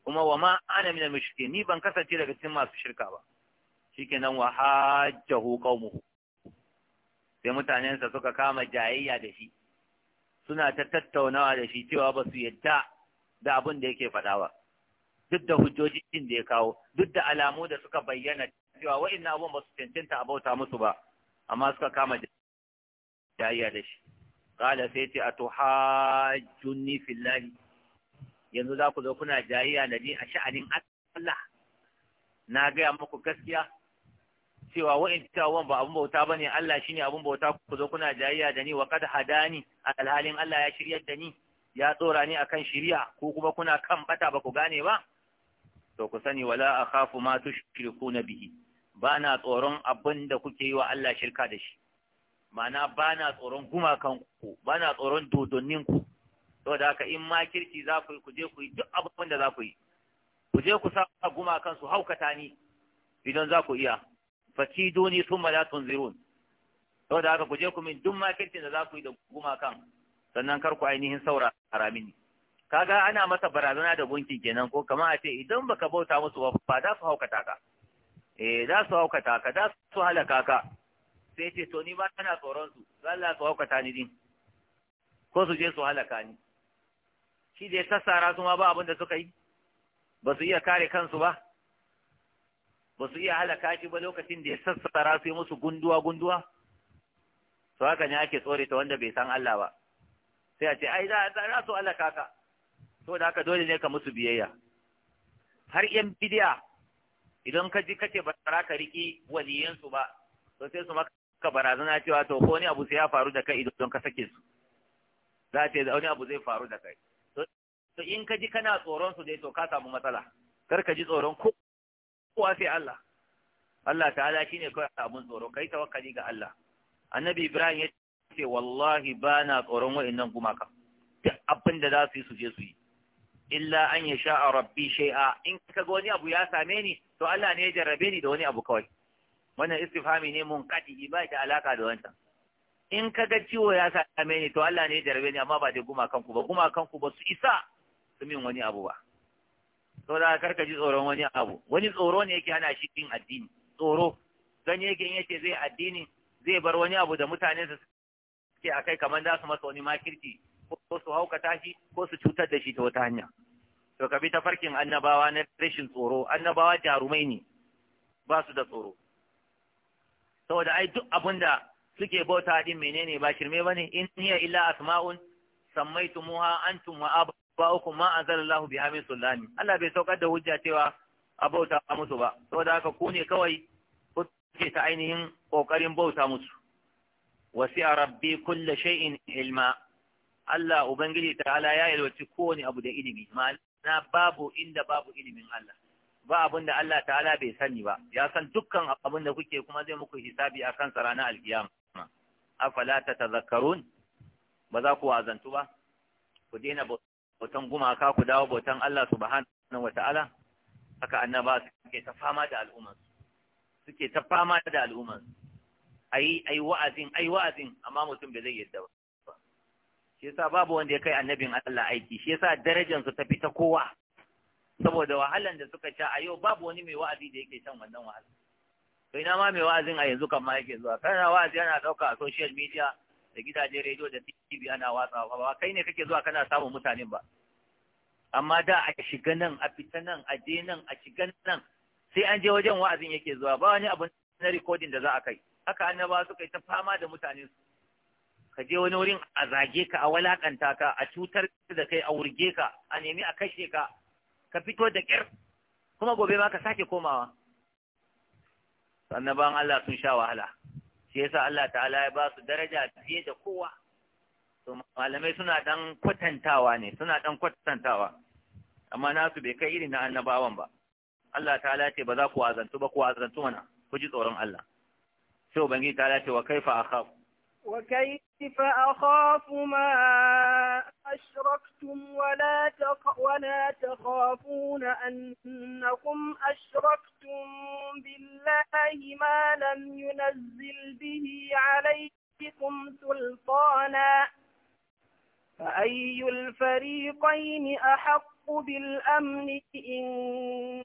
kuma wa ma ana mina mushrike ni ban kasance daga cikin masu shirka ba shikenan wa hajjahu qaumuhu sai mutanensa suka kama jayayya da shi suna ta tattaunawa da shi cewa ba su yadda da abin da yake faɗawa duk da hujjojin da ya kawo duk da alamu da suka bayyana cewa wa'annan abun ba su cancanta a bauta musu ba amma suka kama jayayya da shi Kada sai ce atuhajjunni fillahi yanzu za ku zo kuna jayayya da ni a sha'anin Allah na gaya muku gaskiya cewa wa'in ba abun bauta bane Allah shine abun bauta ku zo kuna jayayya da ni wa kad hadani alhalin Allah ya shiryar da ni ya tsora ni akan shiriya ko kuma kuna kan bata ba ku gane ba to ku sani wala akhafu ma tushrikuna bihi bana tsoron abin da kuke yi wa Allah shirka da shi ba bana tsoron gumakan ku bana tsoron dodonnin ku saboda haka in ma kirki za ku yi ku je ku yi duk abin da za ku yi ku je ku sa gumakan su haukata ni idan za ku iya fakiduni thumma la tunzirun saboda haka ku je ku min duk makircin da za ku yi da gumakan sannan kar ku ainihin saurara Ka kaga ana masa barazana da gunkin kenan ko kamar a ce idan baka bauta musu ba ba za su haukata ka eh za su haukata ka za su halaka ka sai ce to ni ba tana tsoron su Allah su haukata ni din ko su je su halaka ni shi dai sassara su ma ba abin da suka yi ba su iya kare kansu ba ba su iya halaka shi ba lokacin da ya sassara su musu gunduwa gunduwa to haka ne ake tsore ta wanda bai san Allah ba sai a ce ai za za su halaka ka to da haka dole ne ka musu biyayya har yan bidiya idan ka ji kace ba tsara ka riki waliyan su ba to sai su maka barazana cewa to ko wani abu sai ya faru da kai idan ka sake su za ce da wani abu zai faru da kai to in ka ji kana tsoron su dai to ka samu matsala kar ka ji tsoron kowa sai Allah Allah ta'ala ne kawai abun tsoro kai tawakkali ga Allah annabi Ibrahim ya ce wallahi na tsoron wa'annan gumaka duk abin da za su yi su je su yi illa an ya sha'a rabbi shai'a in ka ga wani abu ya same ni to Allah ne ya jarrabe ni da wani abu kawai wannan istifami ne mun kadi ba da alaka da wancan in ka ga ciwo ya same ni to Allah ne ya jarrabe ni amma ba ta gumakan ku ba gumakan ku ba su isa su min wani abu ba to kar ka ji tsoron wani abu wani tsoro ne yake hana shi yin addini tsoro gani yake yace zai addini zai bar wani abu da mutane su ce akai kamar za su masa wani makirci ko su hauka tashi, ko su cutar da shi ta wata hanya to ka bi ta farkin annabawa na rashin tsoro annabawa jarumai ne ba su da tsoro saboda ai duk abinda suke bauta din menene ba shirme bane in hiya illa asma'un sammaitumuha antum wa ba uku ma anzalallahu bi min sulani Allah bai saukar da hujja cewa a bauta musu ba saboda haka ku ne kawai ku ce ta ainihin kokarin bauta musu wasi'a rabbi kulle shay'in ilma Allah ubangiji ala ya yalwaci kowane abu da ilimi ma'ana babu inda babu ilimin Allah ba abin da Allah ta'ala bai sani ba ya san dukkan abin da kuke kuma zai muku hisabi a kansa ranar alkiyama afala ta tazakkarun ba za ku wazantu ba ku daina bautan gumaka ku dawo bautan Allah subhanahu wata'ala haka annaba suke ta fama da al'umma. suke ta fama da al'umma. ai ai wa'azin ai wa'azin amma mutum bai zai yadda ba shi yasa babu wanda ya kai annabin Allah aiki shi yasa darajar su ta fi ta kowa saboda wahalan da suka sha a yau babu wani mai wa'azi da yake shan wannan wahala to ina ma mai wa'azin a yanzu kan ma yake zuwa kana wa'azi yana dauka a social media da gidajen rediyo da tv ana watsa, ba kai ne kake zuwa kana samun mutanen ba amma da a shiga nan a fita nan a je nan a shiga nan sai an je wajen wa'azin yake zuwa ba wani abu na rikodin da za a kai haka annaba suka yi ta fama da mutane su ka je wani wurin a zage ka a walakanta ka a cutar da kai a wurge ka a nemi a kashe ka ka fito da kyar kuma gobe ma ka sake komawa annaban Allah sun sha wahala shi yasa Allah ta'ala ya ba su daraja fiye da kowa to malamai suna dan kwatantawa ne suna dan kwatantawa amma nasu bai kai irin na annabawan ba Allah ta'ala ce ba za ku azantu ba ku azantu mana ku ji tsoron Allah sai ubangiji ta'ala ce wa kaifa akhafu وكيف أخاف ما أشركتم ولا ولا تخافون أنكم أشركتم بالله ما لم ينزل به عليكم سلطانا فأي الفريقين أحق بالأمن إن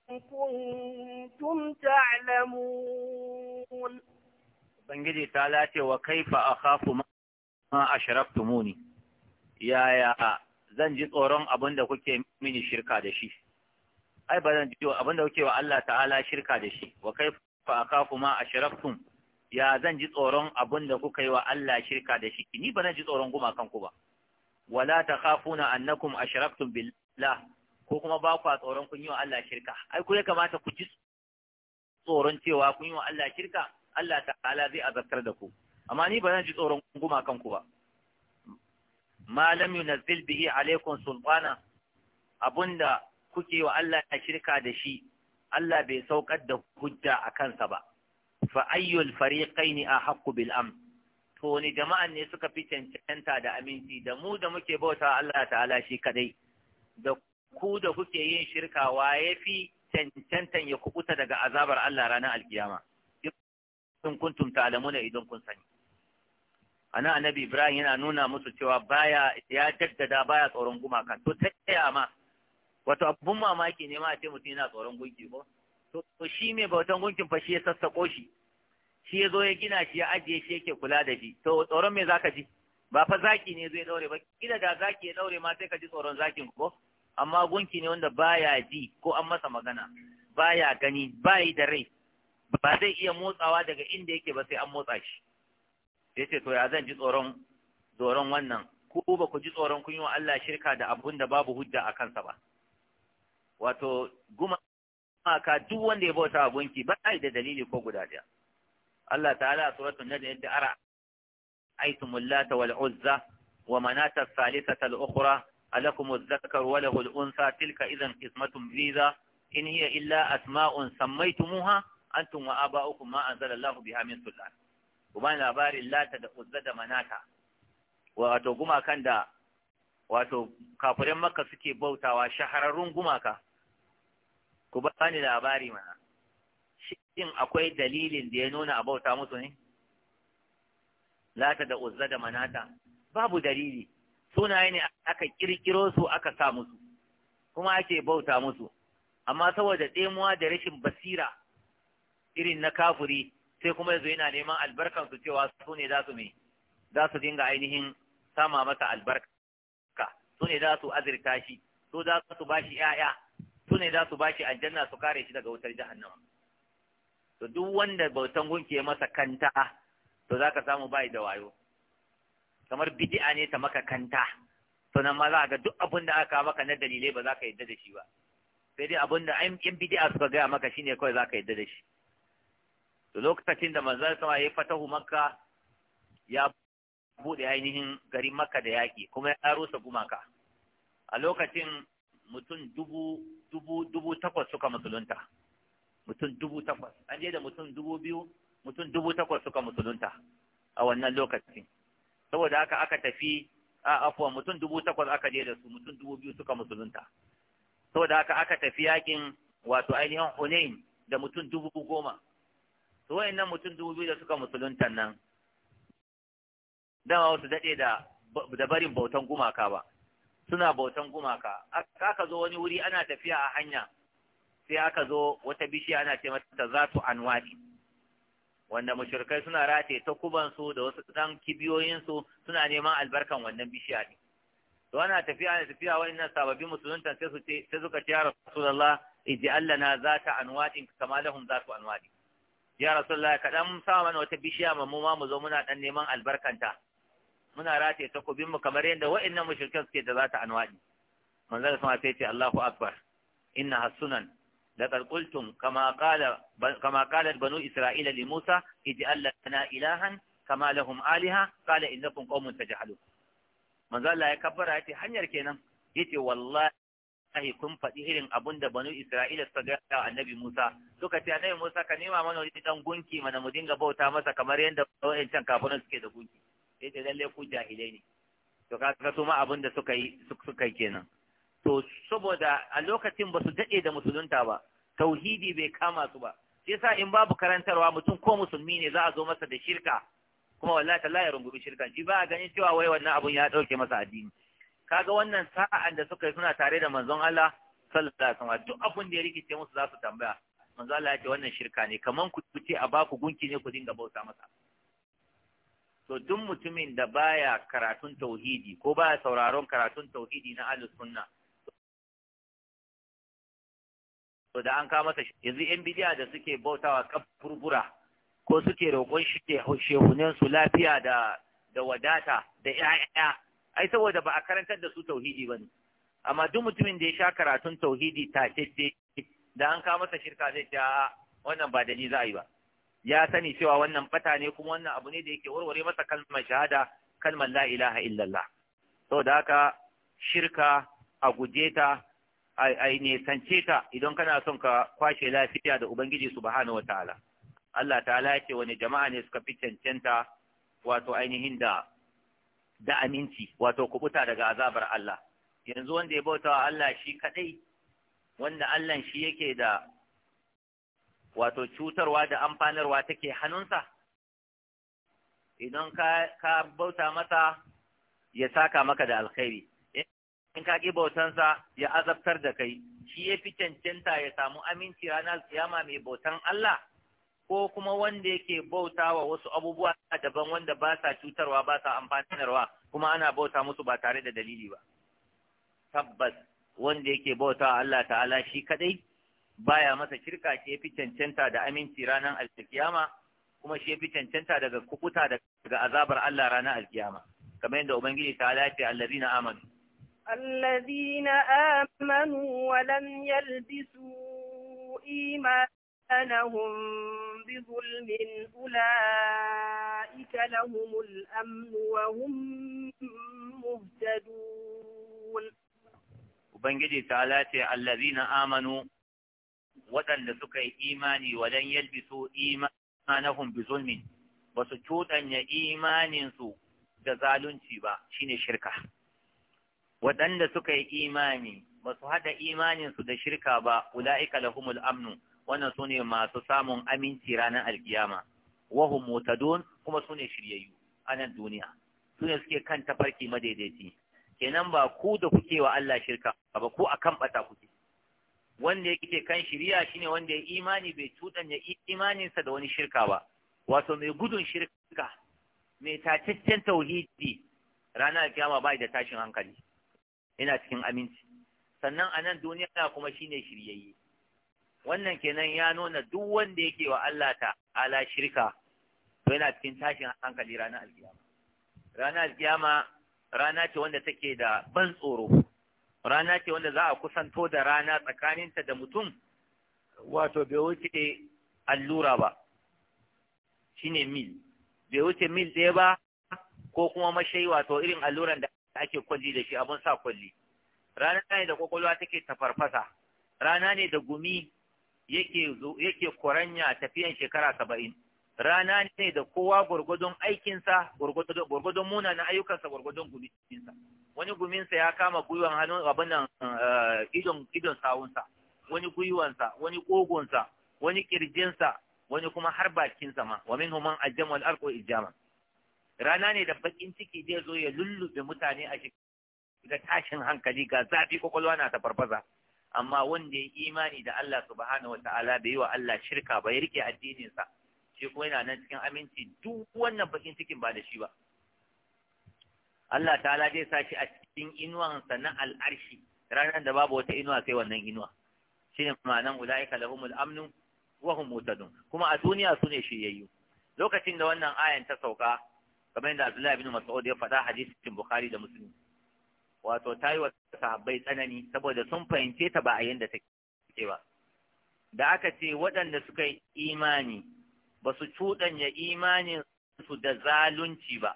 كنتم تعلمون Ubangiji ta lace wa kaifa a kafu ma a sharaftu muni, yaya zan ji tsoron abin da kuke mini shirka da shi, ai ba zan ji abin da kuke wa Allah ta'ala shirka da shi, wa kaifa a kafu ma a sharaftun, ya zan ji tsoron abin da kuka yi wa Allah shirka da shi, ni ba zan ji tsoron kanku ba. Wala ta kafuna annakum a sharaftun billah, ko kuma ba ku tsoron kun yi wa Allah shirka, ai ku ya kamata ku ji tsoron cewa kun yi wa Allah shirka, Allah ta'ala zai azabtar da ku amma ni ba zan ji tsoron gumakan ku ba ma lam bihi alaikum sultana abunda kuke wa Allah shirka da shi Allah bai saukar da hujja a kansa ba fa ayyul fariqaini a bil bil'am. to ni jama'a ne suka fi cancanta da aminci da mu da muke bauta Allah ta'ala shi kadai da ku da kuke yin shirka wa yafi cancantan ya kubuta daga azabar Allah ranar alkiyama in kuntum ta'lamuna idan kun sani ana annabi ibrahim yana nuna musu cewa baya ya jaddada baya tsoron gumaka to ta tsaya ma wato abun mamaki ne ma a ce mutum yana tsoron gunki ko to shi mai bautan gunkin fa shi ya sassako shi shi ya zo ya gina shi ya ajiye shi yake kula da shi to tsoron me zaka ji ba fa zaki ne zai daure ba kila da zaki ya daure ma sai ka ji tsoron zakin ko amma gunki ne wanda baya ji ko an masa magana baya gani bai da rai ba zai iya motsawa daga inda yake ba sai an motsa shi sai ce to ya zan ji tsoron tsoron wannan ku ba ku ji tsoron kun yi wa Allah shirka da abun da babu hujja a kansa ba wato guma ka duk wanda ya bauta gunki ba ai da dalili ko guda daya Allah ta'ala a suratul najm yadda ara aitumul lata wal uzza wa manata thalithata al ukhra alakum adh-dhakaru wa lahu al unsa tilka idhan qismatun biza in hiya illa asma'un sammaytumuha antum wa aba'ukum ma anzalallahu biha min sultan kuma labarin lata da uzza da manata wato gumakan da wato kafirin makka suke bautawa shahararrun gumaka ku ba ni labari mana shin akwai dalilin da ya nuna a bauta musu ne lata da uzza da manata babu dalili sunaye ne aka kirkiro su aka sa musu kuma ake bauta musu amma saboda tsemuwa da rashin basira irin na kafuri sai kuma yanzu yana neman albarkan su cewa su ne za su me za su dinga ainihin sama masa albarka su ne za su azirta shi su za su shi ‘ya’ya su ne za su ba shi aljanna su kare shi daga wutar jahannama to duk wanda bautan gunki ya masa kanta to za ka samu bai da wayo kamar bid'a ne ta maka kanta to nan ma za ga duk abin da aka maka na dalilai ba za ka yadda da shi ba sai dai abin da yan bid'a suka gaya maka shine kawai za ka yadda da shi to lokacin da manzon sama ya fatahu makka ya bude ainihin garin makka da yaƙi kuma ya rusa gumaka a lokacin mutum dubu dubu dubu takwas suka musulunta mutum dubu takwas an je da mutum dubu biyu mutum dubu takwas suka musulunta a wannan lokacin saboda haka aka tafi a afuwa mutum dubu takwas aka je da su mutum dubu biyu suka musulunta saboda haka aka tafi yakin wato ainihin hunain da mutum dubu goma to nan mutum dubu biyu da suka musuluntan nan dama wasu daɗe da dabarin barin bautan gumaka ba suna bautan gumaka aka zo wani wuri ana tafiya a hanya sai aka zo wata bishiya ana ce mata su anwadi wanda mushrikai suna rataye ta kubansu da wasu ɗan kibiyoyinsu suna neman albarkan wannan bishiya ne to ana tafiya ana tafiya wayannan sababbin musulunta sai su ce sai suka ce ya rasulullah ij'al lana zata anwadi kama lahum su anwadi ya rasulullahi ka dan sa mana wata bishiya mu ma mu zo muna dan neman albarkanta muna rataye takobin mu kamar yadda wa'annan mushrikan suke da zata anwadi manzon sama sai ce Allahu akbar inna hasunan لقد قلتم كما قال كما قالت بنو اسرائيل لموسى اجعل لنا الها كما لهم الهه قال انكم قوم تجهلون manzo Allah ya kabbara yace hanyar kenan yace wallahi lahi kun faɗi irin abun da banu Isra'ila suka ga a annabi Musa suka ce annabi Musa ka nema mana wani dan gunki mana mu dinga bauta masa kamar yadda can kafirin suke da gunki yace lalle ku jahilai ne to ka su ma abun da suka yi suka yi kenan to saboda a lokacin ba su daɗe da musulunta ba tauhidi bai kama su ba shi yasa in babu karantarwa mutum ko musulmi ne za a zo masa da shirka kuma wallahi la ya rungumi shirkan shi ba a ganin cewa wai wannan abun ya ɗauke masa addini kaga wannan sa'an da suka yi suna tare da manzon Allah sallallahu alaihi duk abin da ya rikice musu za su tambaya manzon Allah ya ce wannan shirka ne kaman ku ce a baku gunki ne ku dinga bauta masa to duk mutumin da baya karatun tauhidi ko baya sauraron karatun tauhidi na ahlus sunna to da an kawo masa yanzu yan bidiya da suke bautawa kafurbura ko suke roƙon shehunan su lafiya da da wadata da 'ya'ya ai saboda ba a karantar da su tauhidi ba ne. amma duk mutumin da ya sha karatun tauhidi take da an kawo masa shirka zai ce a wannan ba da ni za a yi ba ya sani cewa wannan bata ne kuma wannan abu ne da yake warware masa kalmar shahada kalmar la ilaha illallah saboda haka shirka a guje ta a nesance ta idan kana son ka kwashe lafiya da ubangiji subhanahu wataala Allah ta'ala ya ce wani jama'a ne suka fi cancanta wato ainihin da da aminci wato kubuta daga azabar Allah yanzu wanda ya bautawa Allah shi kadai wanda Allah shi yake da wato cutarwa da amfanarwa take hannunsa idan ka ka bauta masa ya saka maka da alkhairi in ka ki bautansa ya azabtar da kai shi ya fi cancanta ya samu aminci ranar kiyama mai bautan Allah ko kuma wanda yake bauta wa wasu abubuwa daban wanda ba sa cutarwa ba sa amfanarwa kuma ana bauta musu ba tare da dalili ba tabbas wanda yake bautawa Allah ta'ala shi kadai baya masa shirka shi yafi cancanta da aminci ranar alkiyama kuma shi yafi cancanta daga kukuta daga azabar Allah ranar alkiyama kamar yadda ubangiji ta'ala ya ce allazina amanu allazina amanu wa lam yalbisu لهم بظلم أولئك لهم الأمن وهم مهتدون Ubangiji ta ce allazina amanu waɗanda suka yi imani wadan yalbisu imanahum bi zulmin ba su imaninsu da zalunci ba shine shirka waɗanda suka yi imani ba su haɗa imaninsu da shirka ba ula'ika lahumul amnu wannan su ne masu samun aminci ranar alkiyama wahum mutadun kuma su ne shiryayyu a nan duniya su ne suke kan tafarki madaidaici kenan ba ku da kuke wa Allah shirka ba ku kan bata kuke wanda ya yake kan shiriya shine wanda ya imani bai cuɗanya imaninsa da wani shirka ba wato mai gudun shirka mai tacaccen tauhidi ranar alkiyama ba da tashin hankali yana cikin aminci sannan a nan duniya kuma shine shiryayye wannan kenan ya nuna duk wanda yake wa Allah ta ala shirka to yana cikin tashin hankali ranar alkiyama ranar alkiyama rana ce wanda take da ban tsoro rana ce wanda za a kusanto da rana tsakaninta da mutum wato bai wuce allura ba shine mil bai wuce mil ɗaya ba ko kuma mashai wato irin alluran da ake kwalli da shi abun sa kwalli rana ne da kwakwalwa take tafarfasa rana ne da gumi yake yake kuranya tafiyan shekara saba'in rana ne da kowa gwargwadon aikinsa gwargwadon munanan ayyukansa gwargwadon guminsa wani guminsa ya kama gwiwan hannun abin nan eh, idon sawunsa wani gwiwansa wani kogonsa wani ƙirjinsa, wani kuma har bakinsa ma wa min man ajjama al arqu ijama rana ne da bakin ciki zai zo ya lullube mutane a shi da tashin hankali ga zafi kwakwalwa na ta farfaza. amma wanda ya imani da Allah subhanahu wataala bai yi wa Allah shirka ba ya rike addinin sa shi kuma yana nan cikin aminci duk wannan bakin cikin ba da shi ba Allah ta'ala zai sa shi a cikin inuwan sa na al'arshi ranar da babu wata inuwa sai wannan inuwa shine ma'anan ulaika lahumul amnu wa hum mutadun kuma a duniya su ne shiryayyu lokacin da wannan ayan ta sauka kamar yadda Abdullahi bin Mas'ud ya faɗa cikin Bukhari da Muslim wato ta yi wa sahabbai tsanani saboda sun fahimce ta ba a yanda take ba da aka ce waɗanda suka yi imani ba su cuɗanya imanin su da zalunci ba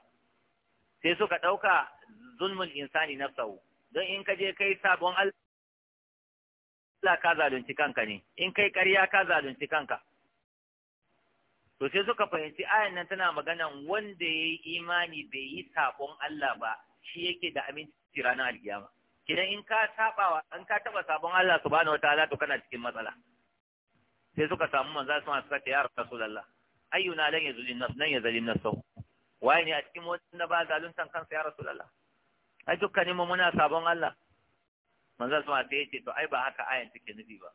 sai suka ɗauka zulmul insani na sau don in ka je kai sabon Allah ka zalunci kanka ne in kai ƙarya ka zalunci kanka to sai suka fahimci ayan nan tana magana wanda ya yi imani bai yi sabon Allah ba shi yake da aminci hukunci ranar alkiyama kidan in ka sabawa an ka taba sabon Allah subhanahu wataala to kana cikin matsala sai suka samu manzo sun suka ce ya rasulullah ayyuna lan yazlim nafs lan yazlim nafsu waye ne a cikin da ba zaluntan kansa ya rasulullah ai dukkanin mu muna sabon Allah manzo sun ce yace to ai ba haka ayan take nufi ba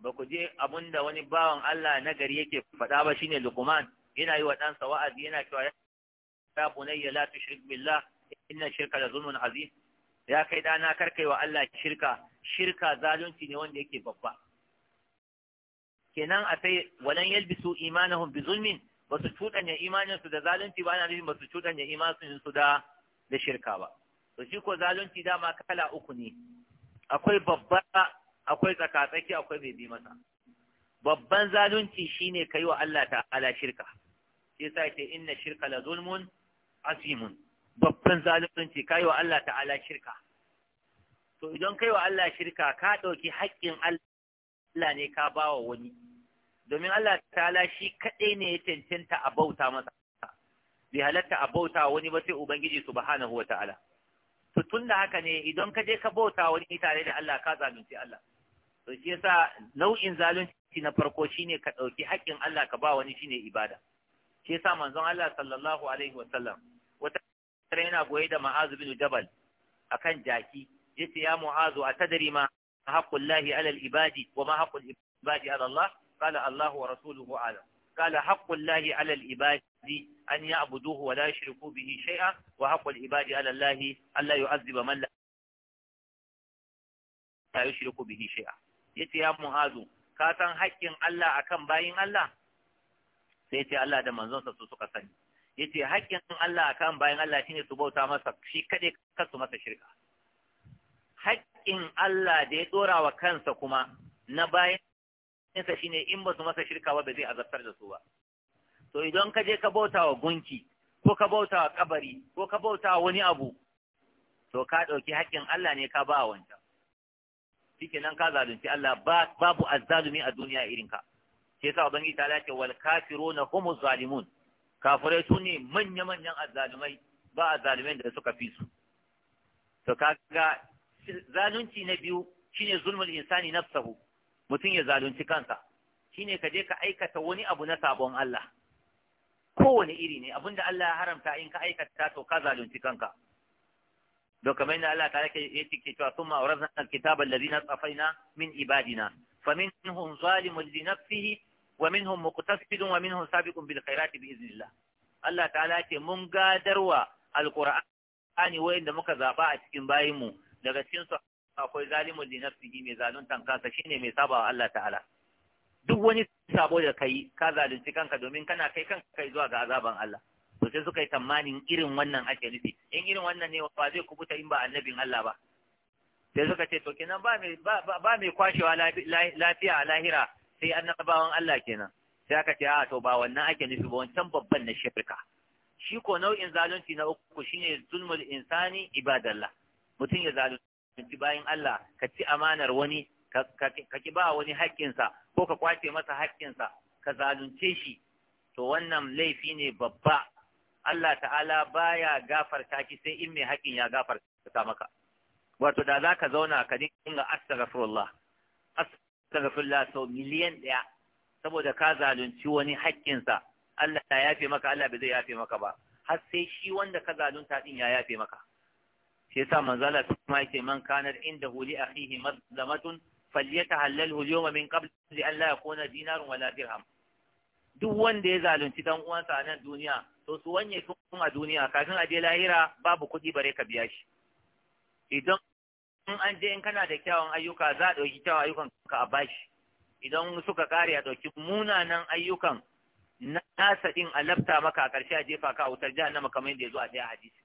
ba ku je abun da wani bawan Allah na gari yake faɗa ba shine Luqman yana yi wa ɗansa wa'azi yana cewa ya bunayya la tushrik billah inna shirka da zulmun azim ya kai dana karkai wa Allah shirka shirka zalunci ne wanda yake babba kenan a sai walan yalbisu imanahum bi zulmin ba su imanin imaninsu da zalunci ba na nufin ba su imanin imaninsu da da shirka ba to shi ko zalunci dama kala uku ne akwai babba akwai tsakatsaki akwai bai bi masa babban zalunci shine kai wa Allah ta'ala shirka shi yasa yake inna shirka la zulmun azimun babban zalunci kai wa Allah ta'ala shirka to idan kai wa Allah shirka ka dauki haƙƙin Allah ne ka ba wa wani domin Allah ta'ala shi kadai ne ya cancanta a bauta masa bi halatta a bauta wani ba sai ubangiji subhanahu wa ta'ala to da haka ne idan ka je ka bauta wani tare da Allah ka zalunci Allah to shi yasa nau'in zalunci na farko shine ka dauki haƙƙin Allah ka ba wani shine ibada shi yasa manzon Allah sallallahu alaihi wa sallam wata tare yana goye da ma'azu bin jabal akan jaki yace ya mu'azu a tadari ma haqqul lahi alal ibadi wa ma haqqul ibadi ala Allah qala Allah wa rasuluhu alam qala haqqul lahi alal ibadi an ya'buduhu wa la yushriku bihi shay'a wa haƙƙun ibadi ala Allah alla yu'adhiba man la yushriku bihi shay'a yace ya mu'azu ka san haƙƙin Allah akan bayin Allah sai ce Allah da manzon sa su suka sani yace haƙƙin Allah akan bayan Allah shine su bauta masa shi kade kasu masa shirka haƙƙin Allah da ya dora wa kansa kuma na bayan sa shine in ba su masa shirka ba zai azabtar da su ba to idan ka je ka bauta wa gunki ko ka bauta wa kabari ko ka bauta wani abu to ka ɗauki haƙƙin Allah ne ka ba wa wancan shikenan ka zalunci Allah babu azzalumi a duniya irin ka sai yasa ubangiji ta lace wal kafiruna humuz zalimun kafirai su ne manya-manyan azalumai, ba azalumai da suka fi su to kaga zalunci na biyu shine zulmul insani nafsahu mutum ya zalunci kansa shine ka je ka aikata wani abu na sabon Allah kowane iri ne abinda Allah ya haramta in ka aikata to ka zalunci kanka don kamar yadda Allah ta yake ya ke cewa sun summa awrazna alkitaba alladhina safaina min ibadina faminhum zalimun li nafsihi ومنهم مقتصد ومنهم سابق بالخيرات بإذن Allah الله تعالى من قادروا القرآن وإن دمك زاباء تكين بايمو daga cikin su akwai zalimun li nafsihi mai zaluntan kansa shine mai saba Allah ta'ala duk wani sabo da kai ka zalunci kanka domin kana kai kanka kai zuwa ga azaban Allah to sai suka yi tamanin irin wannan ake nufi in irin wannan ne ba zai kubuta in ba annabin Allah ba sai suka ce to kenan ba mai ba mai kwashewa lafiya a lahira sai annabawan Allah kenan sai aka ce a to ba wannan ake nufi ba wancan babban na shirka shi ko nau'in zalunci na uku shine zulmul insani ibadallah mutum ya zalunci bayan Allah ka ci amanar wani ka ki ba wani haƙƙinsa ko ka kwace masa haƙƙinsa ka zalunce shi to wannan laifi ne babba Allah ta'ala baya gafarta ki sai in mai haƙƙin ya gafarta maka wato da za ka zauna ka dinga astaghfirullah astaghfirullah sau miliyan ɗaya saboda ka zalunci wani haƙƙinsa Allah ya yafe maka Allah bai zai yafe maka ba har sai shi wanda ka zalunta din ya yafe maka shi yasa manzo Allah kuma yake man kanar indahu li akhihi mazlamatun falyatahallalhu al-yawma min qabl an la yakuna dinarun wala dirham duk wanda ya zalunci dan uwansa a nan duniya to su wanye tun a duniya kafin a je lahira babu kuɗi bare ka biya shi idan in an je in kana da kyawun ayyuka za a ɗauki kyawun ayyukan ka a bashi idan suka kare a ɗauki munanan ayyukan nasa ɗin a lafta maka a ƙarshe a jefa ka a wutar jihar nama kamar yadda ya zo a ɗaya hadisi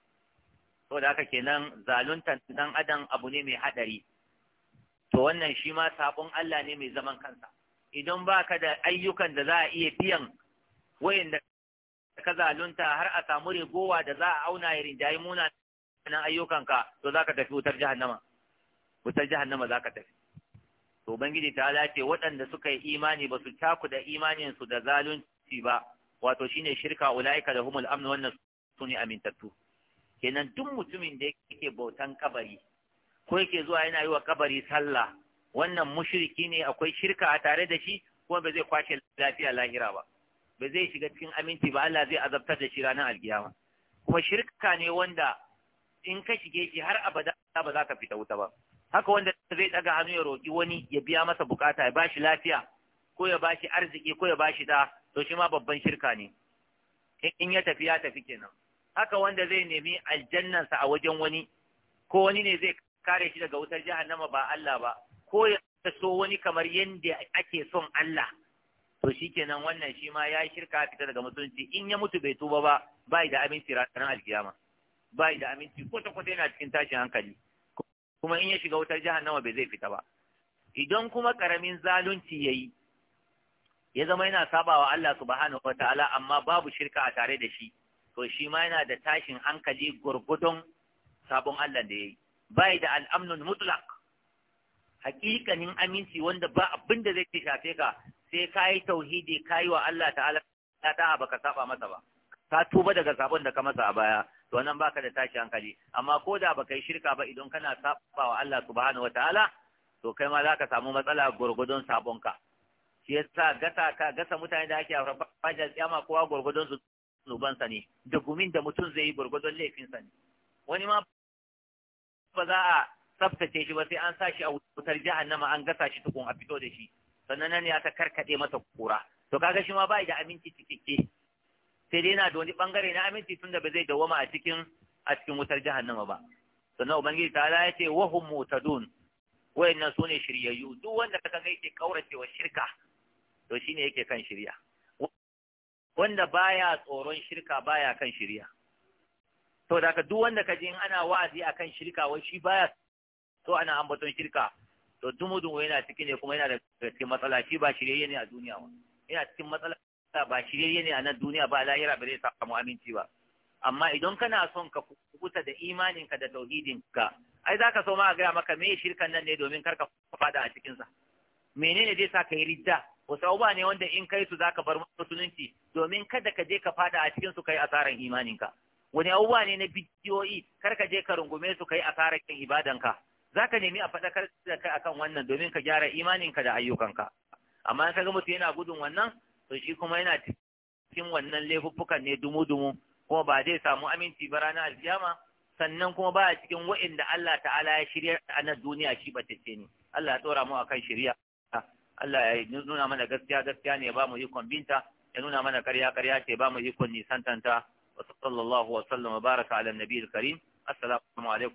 saboda haka kenan zaluntan ɗan adam abu ne mai haɗari to wannan shi ma sabon Allah ne mai zaman kansa idan ba ka da ayyukan da za a iya biyan wayan da ka zalunta har a samu rigowa da za a auna ya rinjayi munanan ayyukanka to za ka tafi wutar jihar nama. wutar jahannama za ka tafi to ubangiji ta lace waɗanda suka yi imani ba su taku da imaninsu da zalunci ba wato shine shirka ulaika da humul amn wannan ne amintattu kenan duk mutumin da yake bautan kabari ko yake zuwa yana yi wa kabari sallah wannan mushriki ne akwai shirka a tare da shi kuma ba zai kwashe lafiya lahira ba ba zai shiga cikin aminci ba Allah zai azabtar da shi ranar alkiyama kuma shirka ne wanda in ka shige shi har abada ba za ka fita wuta ba haka wanda zai daga hannu ya roƙi wani ya biya masa bukata ya bashi lafiya ko ya bashi arziki ko ya bashi da to shi ma babban shirka ne in ya tafi ya tafi kenan haka wanda zai nemi aljannansa a wajen wani ko wani ne zai kare shi daga wutar jahannama ba Allah ba ko ya so wani kamar yadda ake son Allah to shi kenan wannan shi ma ya shirka fita daga musulunci in ya mutu bai tuba ba bai da aminci ranar alkiyama bai da aminci kwata kwata yana cikin tashin hankali kuma in ya shiga wutar jahannama bai zai fita ba idan kuma karamin zalunci yayi ya zama yana sabawa Allah subhanahu wataala amma babu shirka a tare da shi to shi ma yana da tashin hankali gurgudun sabon Allah da yayi bai da al'amnun mutlaq hakikanin aminci wanda ba abin da zai shafe ka sai kayi tauhidi kayi wa Allah ta'ala ta baka saba masa ba ka tuba daga sabon da ka masa a baya to nan baka da tashi hankali amma ko da baka yi shirka ba idan kana wa Allah subhanahu wataala to kai ma zaka samu matsala gurgudun sabonka shi yasa gasa ka gasa mutane da ake a fajar tsiyama kowa gurgudun su sa ne da gumin da mutum zai yi gurgudun laifinsa ne wani ma ba za a tsaftace shi ba sai an sa shi a wutar jahannama an gasa shi tukun a fito da shi sannan nan ya ta karkade masa kura to kaga shi ma bai da aminci cikakke sai dai yana da wani bangare na aminci da ba zai dawama a cikin a cikin wutar jahannama ba sannan ubangiji ta ya ce wahum mutadun wayannan su ne shiryayyu duk wanda ka ga yake kauracewa shirka to shine yake kan shirya wanda baya tsoron shirka baya kan shirya to da ka duk wanda ka ji ana wa'azi akan shirka wai shi baya to ana ambaton shirka to dumudun yana ciki ne kuma yana da cikin matsala shi ba shirye ne a duniya wa yana cikin matsala sa ba shirye ne a nan duniya ba lahira ba zai samu aminci ba amma idan kana son ka kubuta da imaninka da tauhidinka ai zaka so ma a gaya maka me shirkan nan ne domin kar ka fada a cikin sa menene zai sa ka yi ridda wasu abubuwa ne wanda in kai su zaka bar musulunci domin kada ka je ka fada a cikin su kai asaran imaninka wani abubuwa ne na bidiyoyi kar ka je ka rungume su kai asaran ibadanka zaka nemi a faɗakar da kai akan wannan domin ka gyara imaninka da ayyukanka amma in ga mutum yana gudun wannan to shi kuma yana cikin wannan laifuffukan ne dumu-dumu kuma ba zai samu aminci ba ranar alkiyama sannan kuma ba cikin wa'inda Allah ta'ala ya shirya a nan duniya shi batacce ni. Allah ya tsora mu akan shirya Allah ya nuna mana gaskiya gaskiya ne ba mu yi binta ya nuna mana karya karya ce ba mu ikon nisantanta wa sallallahu wa sallam baraka ala nabiyil karim assalamu alaikum